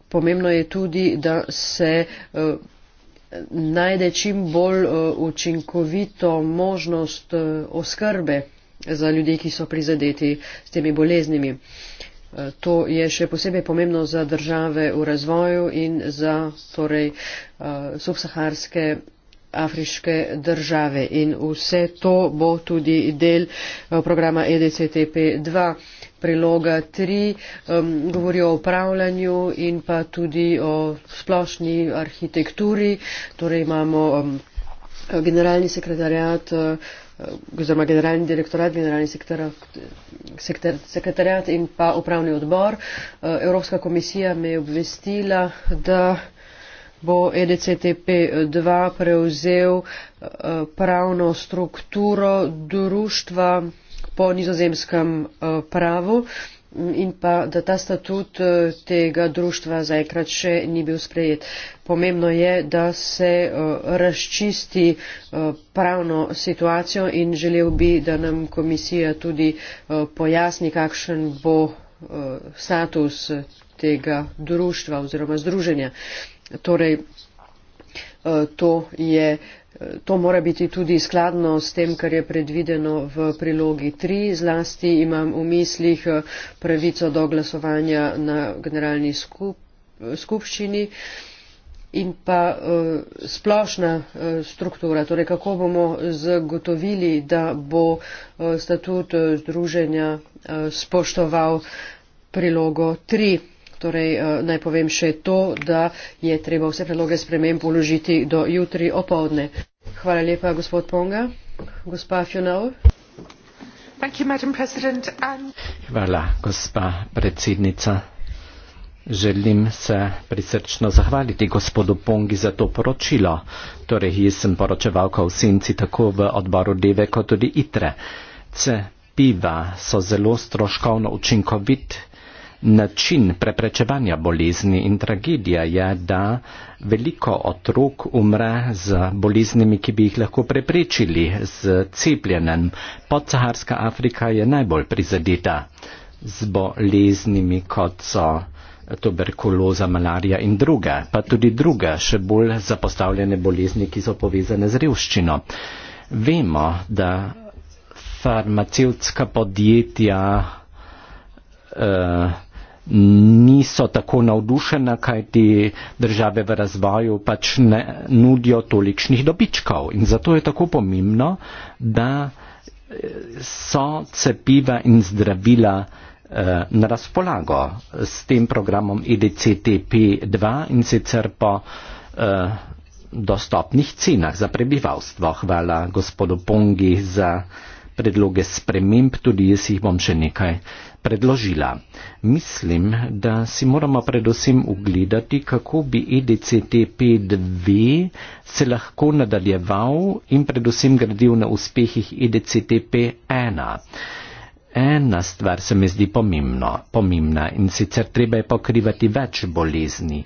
Speaker 1: pomembno je tudi, da se eh, najde čim bolj eh, učinkovito možnost eh, oskrbe za ljudi, ki so prizadeti s temi boleznimi. To je še posebej pomembno za države v razvoju in za torej, subsaharske afriške države. In vse to bo tudi del programa EDCTP 2 priloga 3, um, govori o upravljanju in pa tudi o splošni arhitekturi. Torej imamo um, generalni sekretarjat. Uh, oziroma generalni direktorat, generalni sektor, sektor, sekretarjat in pa upravni odbor. Uh, Evropska komisija me je obvestila, da bo EDCTP2 prevzel uh, pravno strukturo društva po nizozemskem eh, pravu in pa, da ta statut eh, tega društva zaenkrat še ni bil sprejet. Pomembno je, da se eh, razčisti pravno situacijo in želel bi, da nam komisija tudi pojasni, kakšen bo status tega društva oziroma združenja. Torej, to je uh, To mora biti tudi skladno s tem, kar je predvideno v prilogi 3. Zlasti imam v mislih eh, pravico do glasovanja na generalni skup, skupščini in pa uh, splošna uh, struktura. Torej, kako bomo zagotovili, da bo uh, statut uh, združenja uh, spoštoval prilogo 3. Torej, uh, naj povem še to, da je treba vse predloge spremem položiti do jutri opovdne. Hvala lepa, gospod Ponga. Gospa Fionau. Um,
Speaker 5: Hvala, gospa predsednica. Želim se prisrčno zahvaliti gospodu Pongi za to poročilo. Torej, jaz sem poročevalka v Sinci tako v odboru Deve kot tudi Itre. Cepiva so zelo stroškovno učinkovit način preprečevanja bolezni in tragedija je, da veliko otrok umre z boleznimi, ki bi jih lahko preprečili z cepljenjem. Podsaharska Afrika je najbolj prizadeta z boleznimi, kot so tuberkuloza, malarija in druge, pa tudi druge, še bolj zapostavljene bolezni, ki so povezane z revščino. Vemo, da farmacevtska podjetja eh, niso tako navdušena, kajti države v razvoju pač ne nudijo toličnih dobičkov. In zato je tako pomembno, da eh, so cepiva in zdravila eh, na razpolago s tem programom EDCTP2 in sicer po eh, dostopnih cenah za prebivalstvo. Hvala gospodu Pongi za predloge sprememb, tudi jaz jih bom še nekaj eh, predložila. Mislim, da si moramo predvsem ugledati, kako bi EDCTP2 se lahko nadaljeval in predvsem gradil na uspehih EDCTP1. Ena stvar se mi zdi pomembno, pomembna in sicer treba je pokrivati več bolezni,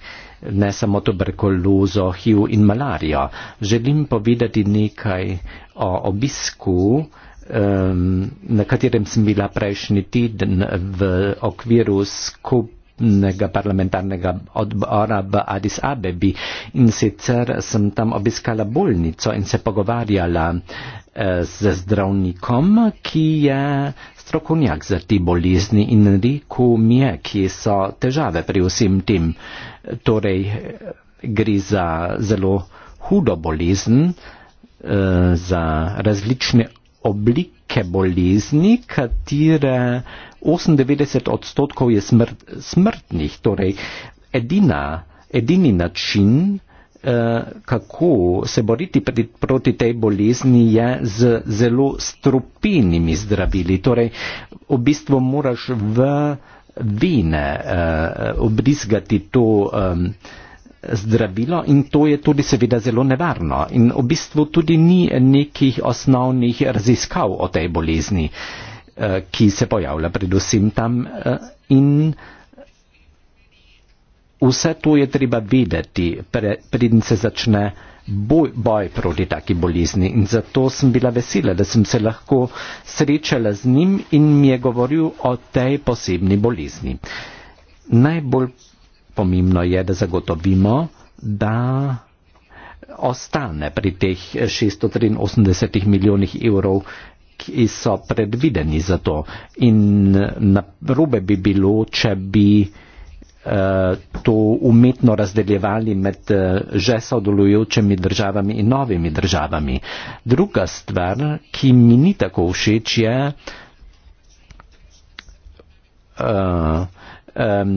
Speaker 5: ne samo tuberkulozo, HIV in malarijo. Želim povedati nekaj o obisku, um, na katerem sem bila prejšnji teden v okviru skupnega parlamentarnega odbora v Addis Abebi in sicer sem tam obiskala bolnico in se pogovarjala uh, z zdravnikom, ki je strokovnjak za te bolezni in rekel mi je, kje so težave pri vsem tem. Torej, gre za zelo hudo bolezen, eh, za različne oblike bolezni, katere 98 odstotkov je smrt, smrtnih. Torej, edina, edini način, eh, kako se boriti proti tej bolezni je z zelo strupenimi zdravili. Torej, v bistvu moraš v vene uh, obrizgati to um, zdravilo in to je tudi seveda zelo nevarno in v bistvu tudi ni nekih osnovnih raziskav o tej bolezni, eh, ki se pojavlja predvsem tam eh, in vse to je treba vedeti, preden se začne boj, boj proti taki bolezni in zato sem bila vesela, da sem se lahko srečala z njim in mi je govoril o tej posebni bolezni. Najbolj pomembno je, da zagotovimo, da ostane pri teh 683 milijonih evrov, ki so predvideni za to. In na rube bi bilo, če bi eh, to umetno razdeljevali med eh, že sodelujočimi državami in novimi državami. Druga stvar, ki mi ni tako všeč, je uh, um,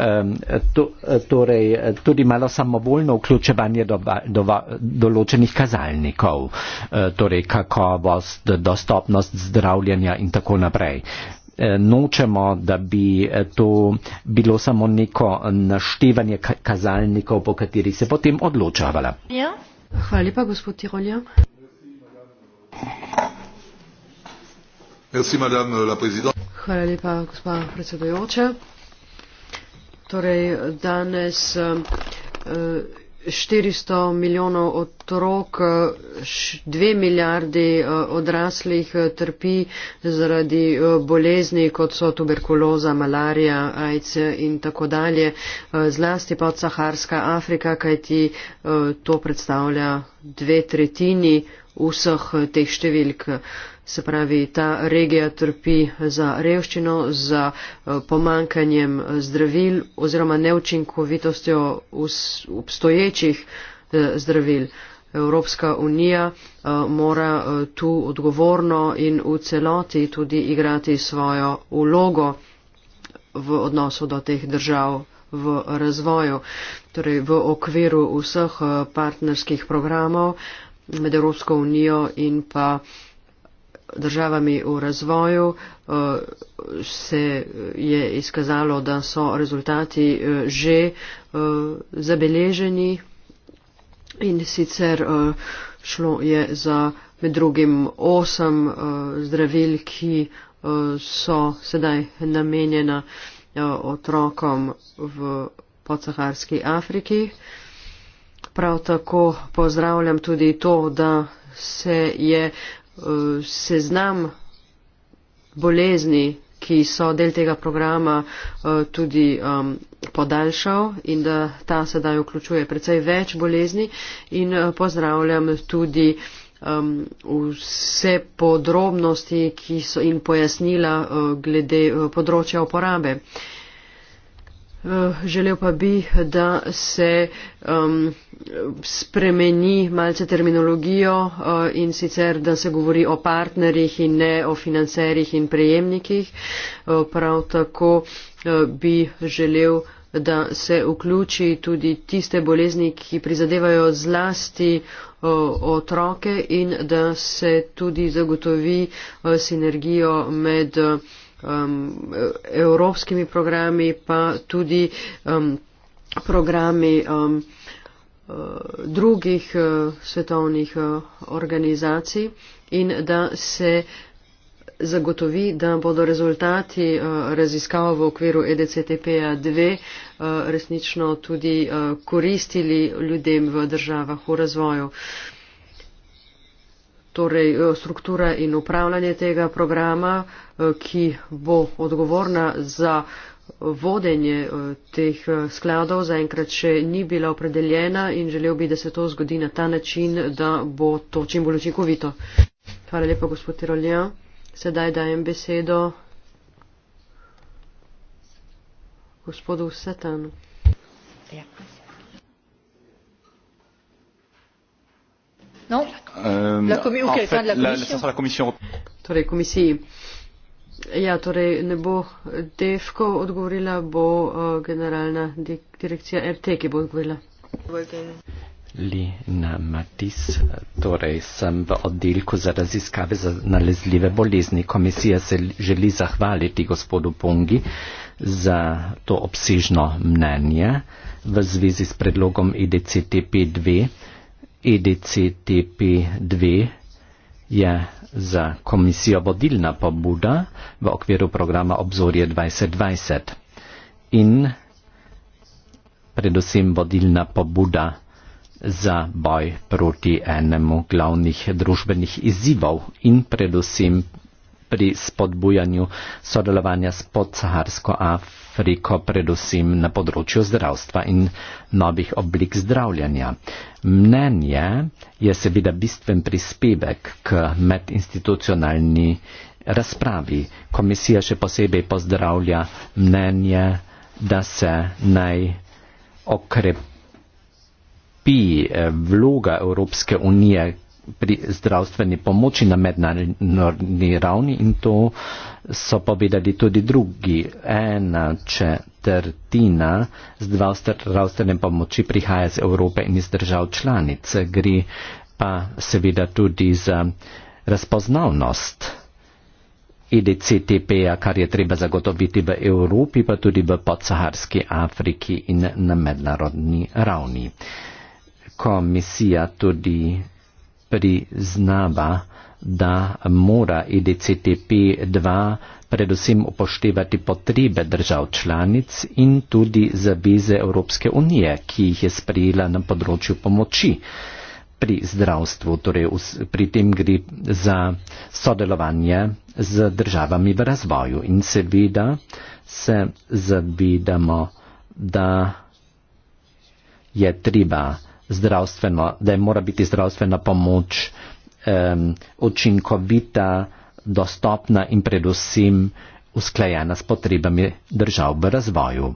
Speaker 5: Ehm, to, torej, tudi malo samovoljno vključevanje do, do, določenih kazalnikov, eh, torej kakovost, dostopnost zdravljenja in tako naprej. Eh, nočemo, da bi eh, to bilo samo neko naštevanje kazalnikov, po katerih se potem odločavala.
Speaker 1: Ja. Hvala lepa, gospod Tirolja. Hvala lepa, gospod predsedujoča. Torej, danes 400 eh, milijonov otrok, 2 eh, milijardi eh, odraslih trpi zaradi bolezni, kot so tuberkuloza, malarija, AIDS in tako dalje, zlasti pa od Saharska Afrika, kajti to predstavlja dve tretjini vseh teh številk. Se pravi, ta regija trpi za revščino, za eh, pomankanjem eh, zdravil oziroma neučinkovitostjo obstoječih eh, zdravil. Evropska unija mora tu odgovorno in v celoti tudi igrati svojo vlogo v odnosu do teh držav v razvoju, torej v okviru vseh partnerskih programov med Evropsko unijo in pa uh, državami v razvoju eh, se je izkazalo, da so rezultati eh, že eh, zabeleženi in sicer šlo je za med drugim osem zdravil, ki so sedaj namenjena otrokom v podsaharski Afriki. Prav tako pozdravljam tudi to, da se je uh, Eh, seznam bolezni, ki so del tega programa, eh, tudi um, podaljšal in da ta sedaj vključuje precej več bolezni in eh, pozdravljam tudi um, vse podrobnosti in pojasnila glede področja uporabe. Eh, želel pa bi, da se um, spremeni malce terminologijo uh, in sicer, da se govori o partnerjih in ne o financerjih in prejemnikih. Uh, prav tako uh, bi želel, da se vključi tudi tiste bolezni, ki prizadevajo zlasti otroke in da se tudi zagotovi sinergijo med um, evropskimi programi, pa tudi um, programi um, uh, drugih uh, svetovnih uh, organizacij in da se zagotovi, da bodo rezultati uh, raziskav v okviru EDCTP-a 2 uh, resnično tudi uh, koristili ljudem v državah v razvoju. Uh, torej eh, struktura in upravljanje tega programa, eh, ki bo odgovorna za vodenje eh, teh skladov, zaenkrat še ni bila opredeljena in želel bi, da se to zgodi na ta način, da bo to čim bolj učinkovito. Hvala lepa, gospod Tirolja. Sedaj dajem besedo gospodu Setanu. Ja. No. Tak.
Speaker 3: Euh, Lahko mi, ok, la komisija.
Speaker 1: Torej, komisiji. Ja, torej, ne bo eh, Defko odgovorila, bo uh, generalna direkcija RT, ki bo odgovorila.
Speaker 5: Lina Matis, torej sem v oddelku za raziskave za nalezljive bolezni. Komisija se želi zahvaliti gospodu Pongi za to obsežno mnenje v zvezi s predlogom IDCTP e 2. EDCTP2 je za komisijo vodilna pobuda v okviru programa Obzorje 2020 in predvsem vodilna pobuda za boj proti enemu glavnih družbenih izzivov in predvsem pri spodbujanju sodelovanja s podsaharsko Afriko Afriko, predvsem na področju zdravstva in novih oblik zdravljanja. Mnenje je seveda bistven prispevek k medinstitucionalni razpravi. Komisija še posebej pozdravlja mnenje, da se naj okrepi vloga Evropske unije pri zdravstveni pomoči na mednarodni ravni in to so povedali tudi drugi. Ena četrtina zdravstvene pomoči prihaja iz Evrope in iz držav članic. Gre pa seveda tudi za razpoznavnost EDCTP-ja, kar je treba zagotoviti v Evropi, pa tudi v podsaharski Afriki in na mednarodni ravni. Komisija tudi priznava, da mora IDCTP2 predvsem upoštevati potrebe držav članic in tudi zaveze Evropske unije, ki jih je sprejela na področju pomoči pri zdravstvu, torej pri tem gre za sodelovanje z državami v razvoju. In seveda se zavedamo, da je treba zdravstveno, da mora biti zdravstvena pomoč um, učinkovita, dostopna in predvsem usklajena s potrebami držav v razvoju.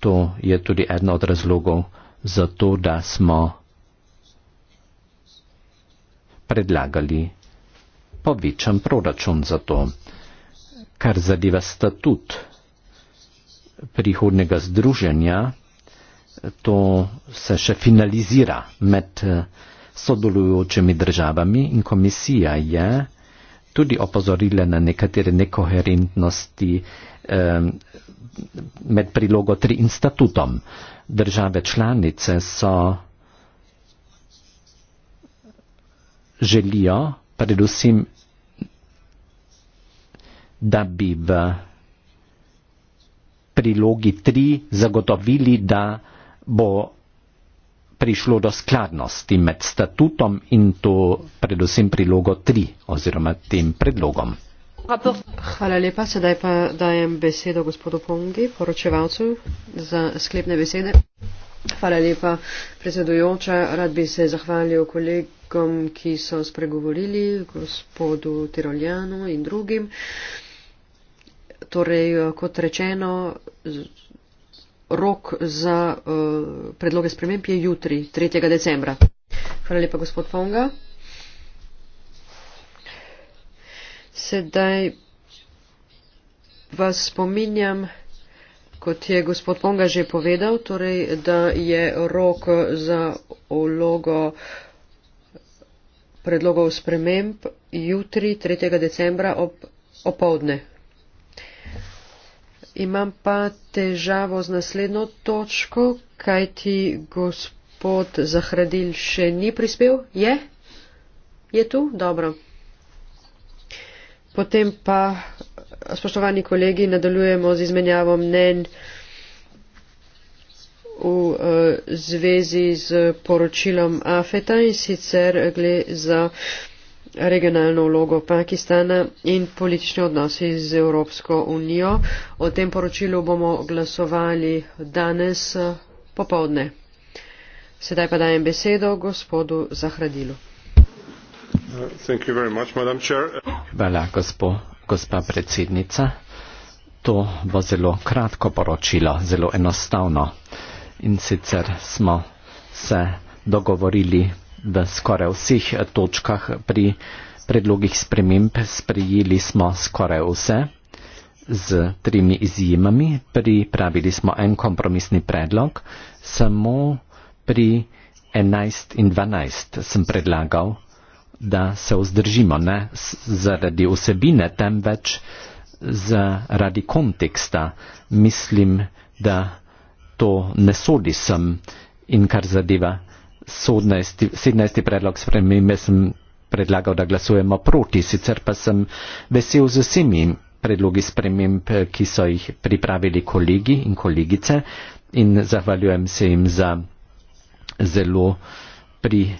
Speaker 5: To je tudi eden od razlogov za to, da smo predlagali povečan proračun za to, kar zadeva statut prihodnega združenja to se še finalizira med eh, sodelujočimi državami in komisija je tudi opozorila na nekatere nekoherentnosti eh, med prilogo 3 in statutom. Države članice so želijo predvsem, da bi v prilogi 3 zagotovili, da bo prišlo do skladnosti med statutom in to predvsem prilogo 3 oziroma tem predlogom.
Speaker 1: Hvala lepa, sedaj pa dajem besedo gospodu Pongi, poročevalcu, za sklepne besede. Hvala lepa, predsedujoča. Rad bi se zahvalil kolegom, ki so spregovorili, gospodu Tiroljanu in drugim. Torej, kot rečeno, rok za uh, predloge sprememb je jutri, 3. decembra. Hvala lepa, gospod Fonga. Sedaj vas spominjam, kot je gospod Fonga že povedal, torej, da je rok za ulogo predlogov sprememb jutri, 3. decembra, ob opovdne. Imam pa težavo z naslednjo točko, kaj ti gospod Zahradil še ni prispel? Je? Je tu? Dobro. Potem pa, spoštovani kolegi, nadaljujemo z izmenjavo mnen v uh, zvezi z poročilom Afeta in sicer gre za. Uh, regionalno vlogo Pakistana in politične odnose z Evropsko unijo. O tem poročilu bomo glasovali danes eh, popovdne. Sedaj pa dajem besedo gospodu Zahradilu.
Speaker 2: Much,
Speaker 5: Hvala, gospo, gospa predsednica. To bo zelo kratko poročilo, zelo enostavno. In sicer smo se dogovorili v skoraj vseh točkah pri predlogih sprememb sprejeli smo skoraj vse z trimi izjemami. Pripravili smo en kompromisni predlog, samo pri 11 in 12 sem predlagal, da se vzdržimo ne zaradi osebine, temveč zaradi konteksta. Mislim, da to ne sodi sem in kar zadeva 17, 17. predlog spremembe sem predlagal, da glasujemo proti, sicer pa sem vesel z vsemi predlogi sprememb, ki so jih pripravili kolegi in kolegice in zahvaljujem se jim za zelo pri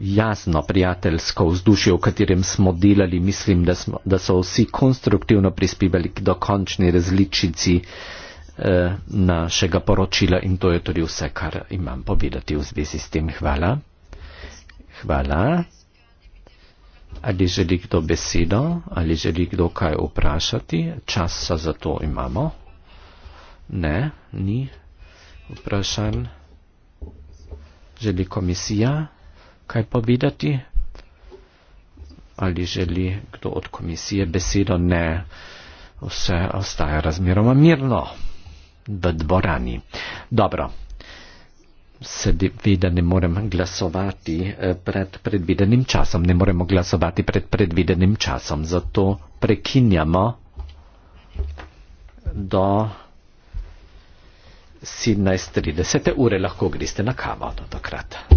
Speaker 5: jasno prijateljsko vzdušje, v katerem smo delali. Mislim, da, smo, da so vsi konstruktivno prispevali k dokončni različici. Uh, Eh, našega poročila in to je tudi vse, kar imam povedati v zvezi s tem. Hvala. Hvala. Ali želi kdo besedo, ali želi kdo kaj vprašati? Časa za to imamo. Ne, ni vprašan. Želi komisija kaj povedati? Ali želi kdo od komisije besedo? Ne, vse ostaja razmeroma mirno v dvorani. Dobro. Seveda ne morem glasovati eh, pred predvidenim časom, ne moremo glasovati pred predvidenim časom, zato prekinjamo do 17.30 ure, lahko greste na kavo do takrat.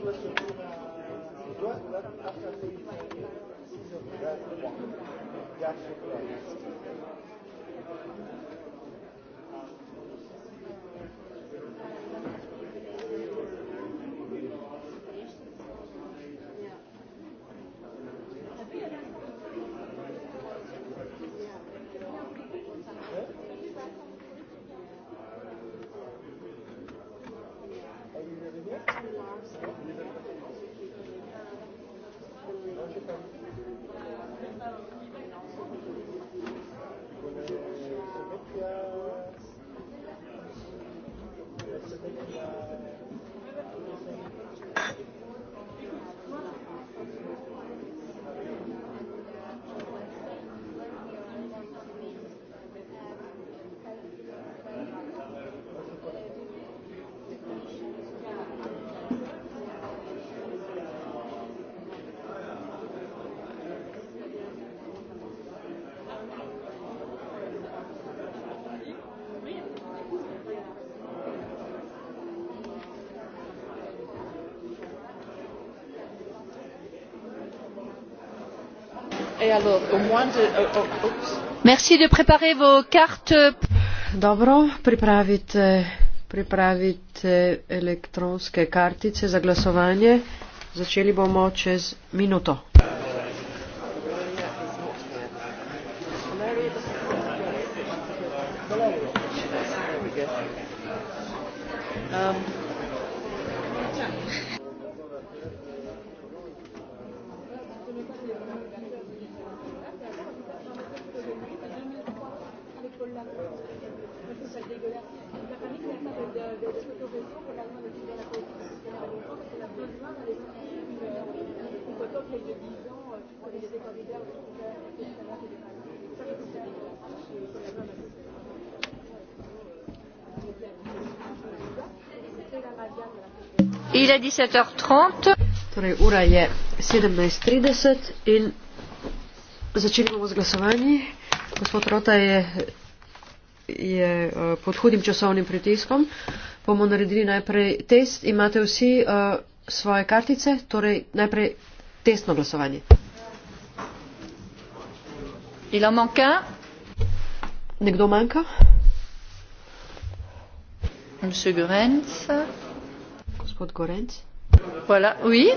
Speaker 2: Gracias.
Speaker 1: dobro pripravite elektronske kartice za glasovanje začeli bomo čez minuto dix-sept heures trente. Torej, ura je sedemnajst trideset in začenjamo z glasovanji. Gospod Rota je, je uh, pod hudim časovnim pritiskom. Bomo naredili najprej test. Imate vsi uh, svoje kartice, torej najprej testno glasovanje. Il en manque un. Nekdo manjka?
Speaker 3: Monsieur Gurenz gospod Gorenc. Voilà. Oui.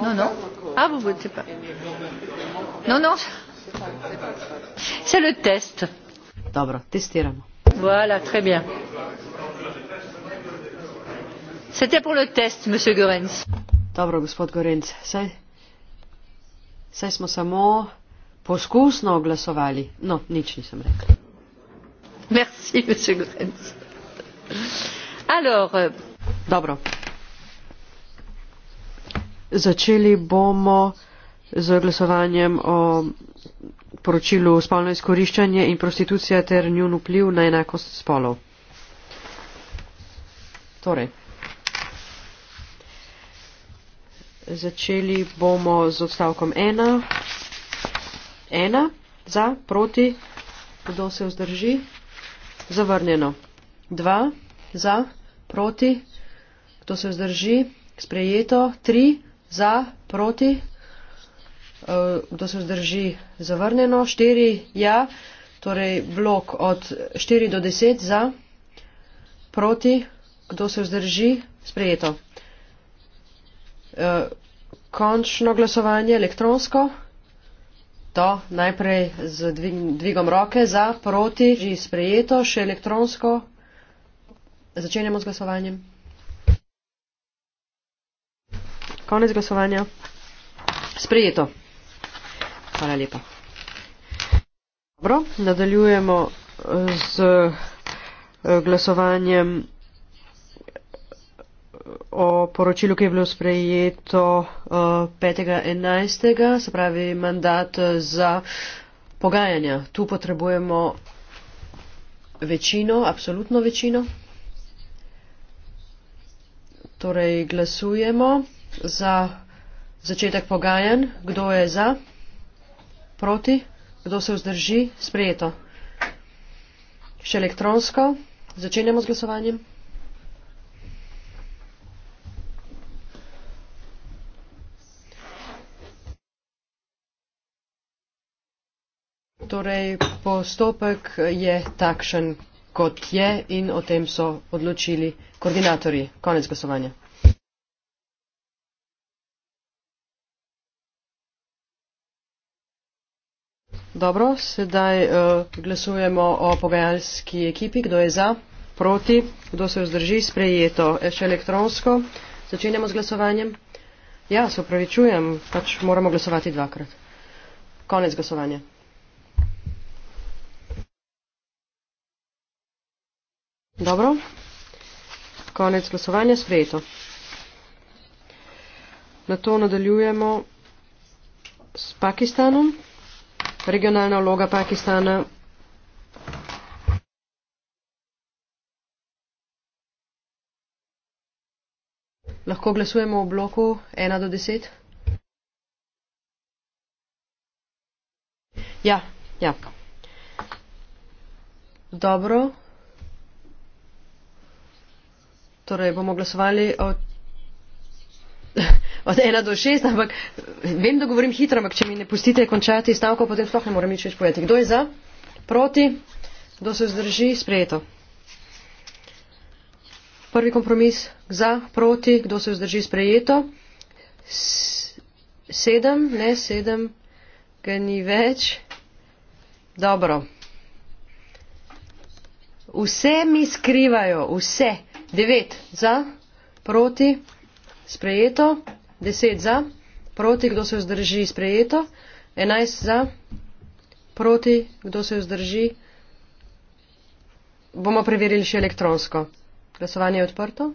Speaker 3: Non, non. Ah, vous ne savez pas. Non, non.
Speaker 1: C'est le test. Dobro, testiramo.
Speaker 3: Voilà, très bien.
Speaker 1: C'était pour le test, monsieur Gorenc. Dobro, gospod Gorenc. Saj, saj smo samo poskusno glasovali. No, nič nisem rekla. Merci, monsieur Gorenc. Alors. Euh... Dobro. Začeli bomo z glasovanjem o poročilu spolno izkoriščanje in prostitucija ter njun vpliv na enakost spolov. Torej. Začeli bomo z odstavkom 1. 1. Za, proti, kdo se vzdrži? Zavrnjeno. 2. Za, proti, kdo se vzdrži? Sprejeto. 3 za, proti, eh, kdo se vzdrži zavrnjeno, štiri ja, torej blok od štiri do deset za, proti, kdo se vzdrži, sprejeto. Eh, končno glasovanje elektronsko. To najprej z dvig, dvigom roke za, proti, že sprejeto, še elektronsko. Začenjamo z glasovanjem. Konec glasovanja. Sprejeto. Hvala lepa. Dobro, nadaljujemo z eh, glasovanjem eh, o poročilu, ki je bilo sprejeto 5.11., eh, se pravi mandat za pogajanja. Tu potrebujemo večino, absolutno večino. Torej glasujemo za začetek pogajanj. Kdo je za? Proti? Kdo se vzdrži? Sprejeto. Še elektronsko. Začenjamo z glasovanjem. Torej, postopek je takšen, kot je in o tem so odločili koordinatorji. Konec glasovanja. Dobro, sedaj uh, glasujemo o pogajalski ekipi, kdo je za, proti, kdo se vzdrži, sprejeto, e, še elektronsko. Začenjamo z glasovanjem. Ja, se upravičujem, pač moramo glasovati dvakrat. Konec glasovanja. Dobro, konec glasovanja, sprejeto. Na to nadaljujemo s Pakistanom regionalna vloga Pakistana. Lahko glasujemo v bloku 1 do 10. Ja, ja. Dobro. Torej bomo glasovali o od ena do šest, ampak vem, da govorim hitro, ampak če mi ne pustite končati stavko, potem sploh ne morem nič več povedati. Kdo je za? Proti? Kdo se vzdrži? Sprejeto. Prvi kompromis za, proti, kdo se vzdrži sprejeto. S sedem, ne sedem, ga ni več. Dobro. Vse mi skrivajo, vse. Devet za, proti, sprejeto. 10 za, proti kdo se vzdrži sprejeto, 11 za, proti kdo se vzdrži, bomo preverili še elektronsko. Glasovanje je odprto.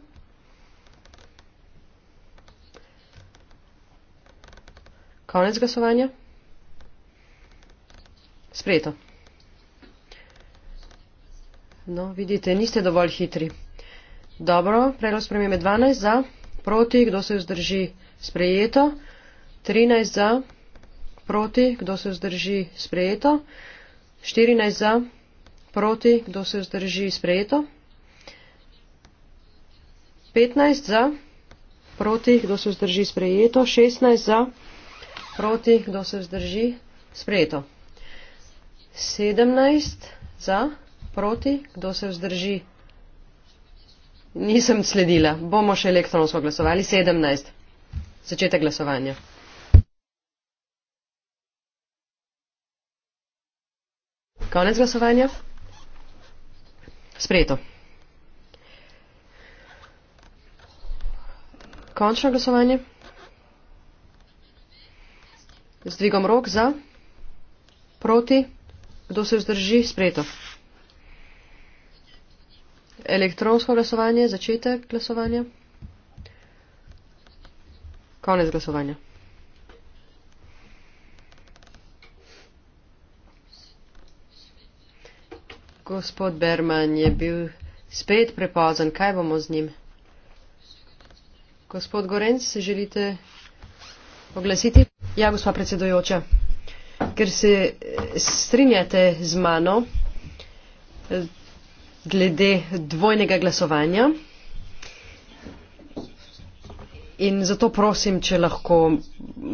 Speaker 1: Konec glasovanja. Sprejeto. No, vidite, niste dovolj hitri. Dobro, predlog spremembe 12 za, proti, kdo se vzdrži Sprejeto. 13 za, proti, kdo se vzdrži, sprejeto. 14 za, proti, kdo se vzdrži, sprejeto. 15 za, proti, kdo se vzdrži, sprejeto. 16 za, proti, kdo se vzdrži, sprejeto. 17 za, proti, kdo se vzdrži. Nisem sledila, bomo še elektronsko glasovali. 17 začetek glasovanja. Konec glasovanja. Sprejeto. Končno glasovanje. Z dvigom rok za, proti, kdo se vzdrži, sprejeto. Elektronsko glasovanje, začetek glasovanja. Konec glasovanja. Gospod Berman je bil spet prepozen. Kaj bomo z njim? Gospod Gorenc, se želite oglasiti? Ja, gospa predsedojoča. Ker se eh, strinjate z mano eh, glede dvojnega glasovanja. In zato prosim, če lahko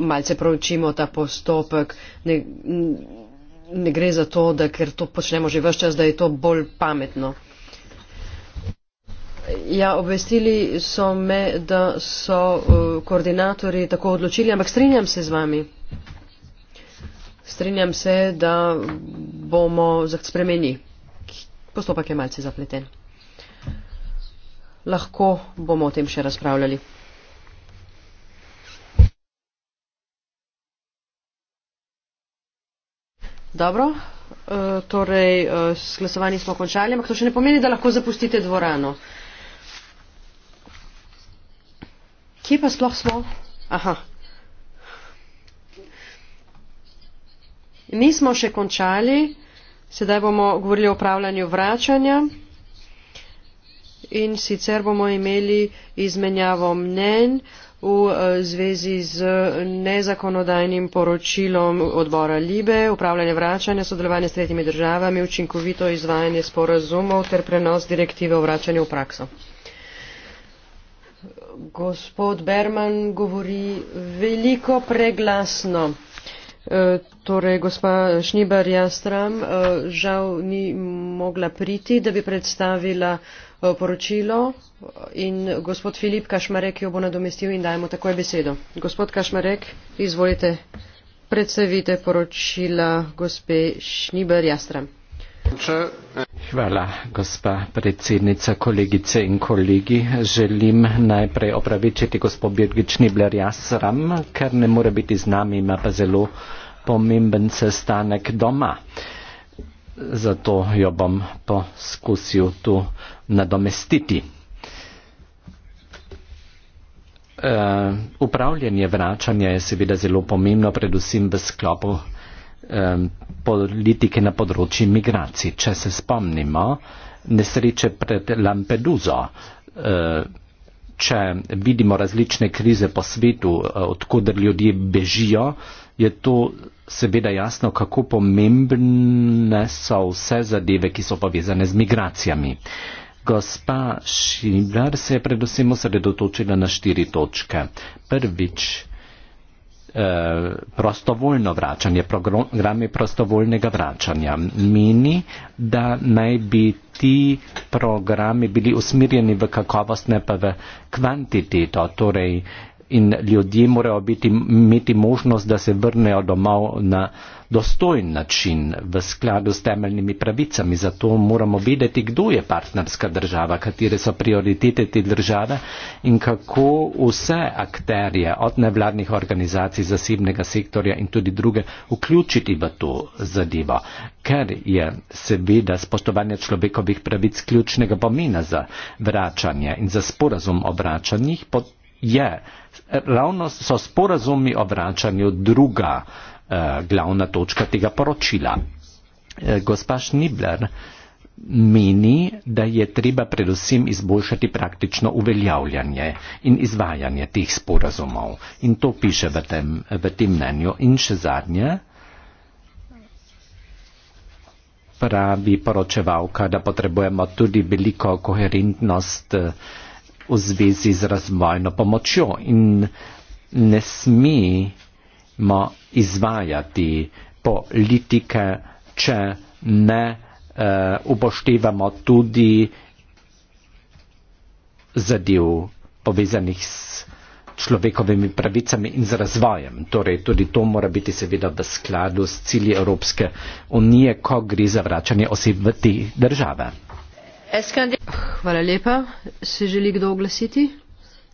Speaker 1: malce proučimo ta postopek. Ne, ne gre za to, da ker to počnemo že vse čas, da je to bolj pametno. Ja, obvestili so me, da so uh, koordinatori tako odločili, ampak strinjam se z vami. Strinjam se, da bomo spremenili. Postopek je malce zapleten. Lahko bomo o tem še razpravljali. Dobro, eh, torej eh, s glasovanji smo končali, ampak to še ne pomeni, da lahko zapustite dvorano. Kje pa sploh smo? Aha. Nismo še končali, sedaj bomo govorili o upravljanju vračanja in sicer bomo imeli izmenjavo mnenj v eh, zvezi z nezakonodajnim poročilom odbora Libe, upravljanje vračanja, sodelovanje s tretjimi državami, učinkovito izvajanje sporazumov ter prenos direktive o vračanju v prakso. Gospod Berman govori veliko preglasno. E, torej, gospa Šnibar Jastram e, žal ni mogla priti, da bi predstavila Eh, poročilo in gospod Filip Kašmarek jo bo nadomestil in dajemo takoj besedo. Gospod Kašmarek, izvolite, predstavite poročila gospe Šniber Jastram.
Speaker 5: Hvala, gospa predsednica, kolegice in kolegi. Želim najprej opravičiti gospod Birgit Šnibler Jasram, ker ne more biti z nami, ima pa zelo pomemben sestanek doma. Uh, zato jo bom poskusil tu nadomestiti. E, upravljanje vračanja je seveda zelo pomembno, predvsem v sklopu e, politike na področju migracij. Če se spomnimo nesreče pred Lampeduzo, e, če vidimo različne krize po svetu, e, odkuder ljudje bežijo, je to seveda jasno, kako pomembne so vse zadeve, ki so povezane z migracijami. Gospa Šibar se je predvsem osredotočila na štiri točke. Prvič, eh, prostovoljno vračanje, programe prostovoljnega vračanja. Meni, da naj bi ti programi bili usmirjeni v kakovostne pa v kvantiteto, torej in ljudje morajo biti, imeti možnost, da se vrnejo domov na dostojen način v skladu s temeljnimi pravicami. Zato moramo vedeti, kdo je partnerska država, katere so prioritete te države in kako vse akterje od nevladnih organizacij, zasebnega sektorja in tudi druge vključiti v to zadevo. Ker je seveda spoštovanje človekovih pravic ključnega pomena za vračanje in za sporazum o vračanjih, je, ravno so sporazumi o vračanju druga eh, glavna točka tega poročila. Eh, gospa Šnibler meni, da je treba predvsem izboljšati praktično uveljavljanje in izvajanje teh sporazumov. In to piše v tem, v tem mnenju. In še zadnje, pravi poročevalka, da potrebujemo tudi veliko koherentnost eh, v zvezi z razvojno pomočjo in ne smemo izvajati politike, če ne uh, upoštevamo tudi zadev povezanih s človekovimi pravicami in z razvojem. Torej, tudi to mora biti seveda v skladu s cilji Evropske unije, ko gre za vračanje oseb v te države.
Speaker 1: Hvala lepa. Se želi kdo oglasiti?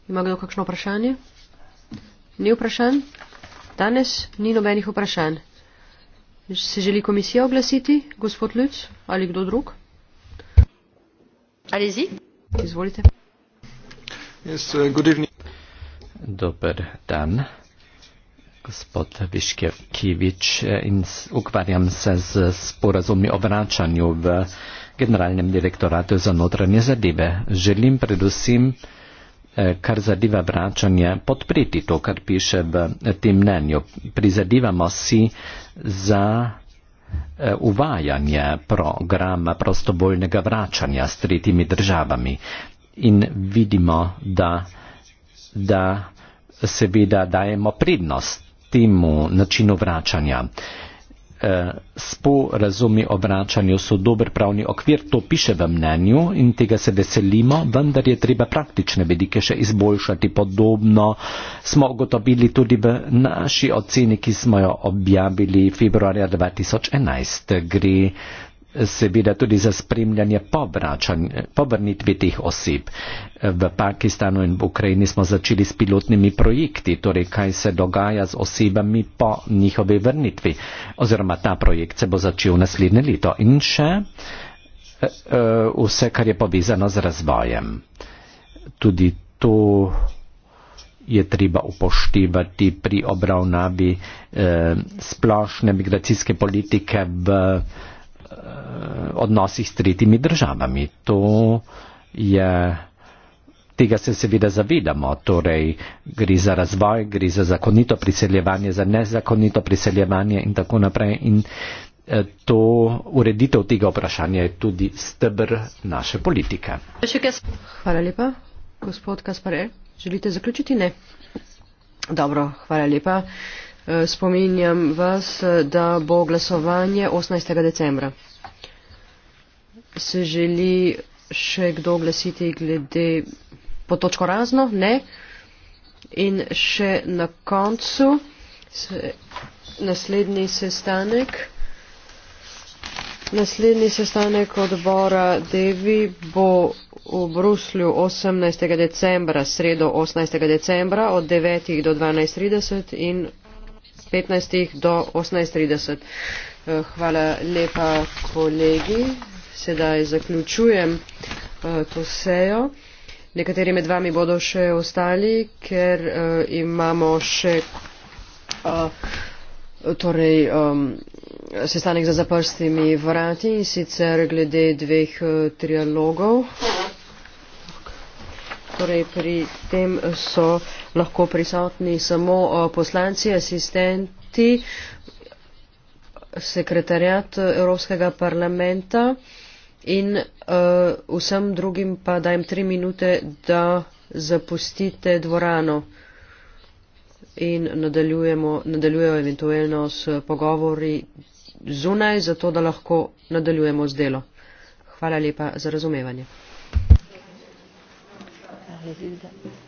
Speaker 1: Ima kdo kakšno vprašanje? Ni vprašanj? Danes ni nobenih vprašanj. Se želi komisija oglasiti? Gospod Ljuc ali kdo drug? Ali zi? Izvolite.
Speaker 5: Yes, uh, Dober dan, gospod Viškevkivič. Ukvarjam se z sporazumi o vračanju v generalnem direktoratu za notranje zadeve. Želim predvsem, eh, kar zadeva vračanje, podpreti to, kar piše v eh, tem mnenju. Prizadevamo si za eh, uvajanje programa prostovoljnega vračanja s tretjimi državami in vidimo, da, da seveda dajemo prednost temu načinu vračanja. Eh, sporazumi o vračanju so dober pravni okvir, to piše v mnenju in tega se veselimo, vendar je treba praktične vidike še izboljšati. Podobno smo ugotovili tudi v naši oceni, ki smo jo objavili februarja 2011. Gre seveda tudi za spremljanje povrnitvi teh oseb. V Pakistanu in v Ukrajini smo začeli s pilotnimi projekti, torej kaj se dogaja z osebami po njihovi vrnitvi. Oziroma ta projekt se bo začel naslednje leto. In še e, e, vse, kar je povezano z razvojem. Tudi to je treba upoštevati pri obravnavi eh, splošne migracijske politike v eh, Eh, odnosih s tretjimi državami. To je, tega se seveda zavedamo, torej gre za razvoj, gre za zakonito priseljevanje, za nezakonito priseljevanje in tako naprej. In eh, to ureditev tega vprašanja je tudi stebr naše politike.
Speaker 1: Hvala lepa. Gospod Kasparel, želite zaključiti? Ne. Dobro, hvala lepa. Spominjam vas, da bo glasovanje 18. decembra. Se želi še kdo glasiti glede po točko razno? Ne. In še na koncu se, naslednji sestanek. Naslednji sestanek odbora Devi bo v Bruslju 18. decembra, sredo 18. decembra od 9. do 12.30 in 15. do 18.30. Eh, hvala lepa kolegi. Sedaj zaključujem eh, to sejo. Nekateri med vami bodo še ostali, ker uh, imamo še uh, torej, um, sestanek za zaprstimi vrati in sicer glede dveh uh, trialogov. Torej, pri tem so uh, lahko prisotni samo eh, poslanci, asistenti, sekretarjat Evropskega parlamenta in uh, vsem drugim pa dajem tri minute, da zapustite dvorano in nadaljujemo, nadaljujejo eventualno s pogovori zunaj, zato da lahko nadaljujemo z delo. Hvala lepa za razumevanje.
Speaker 3: Thank you.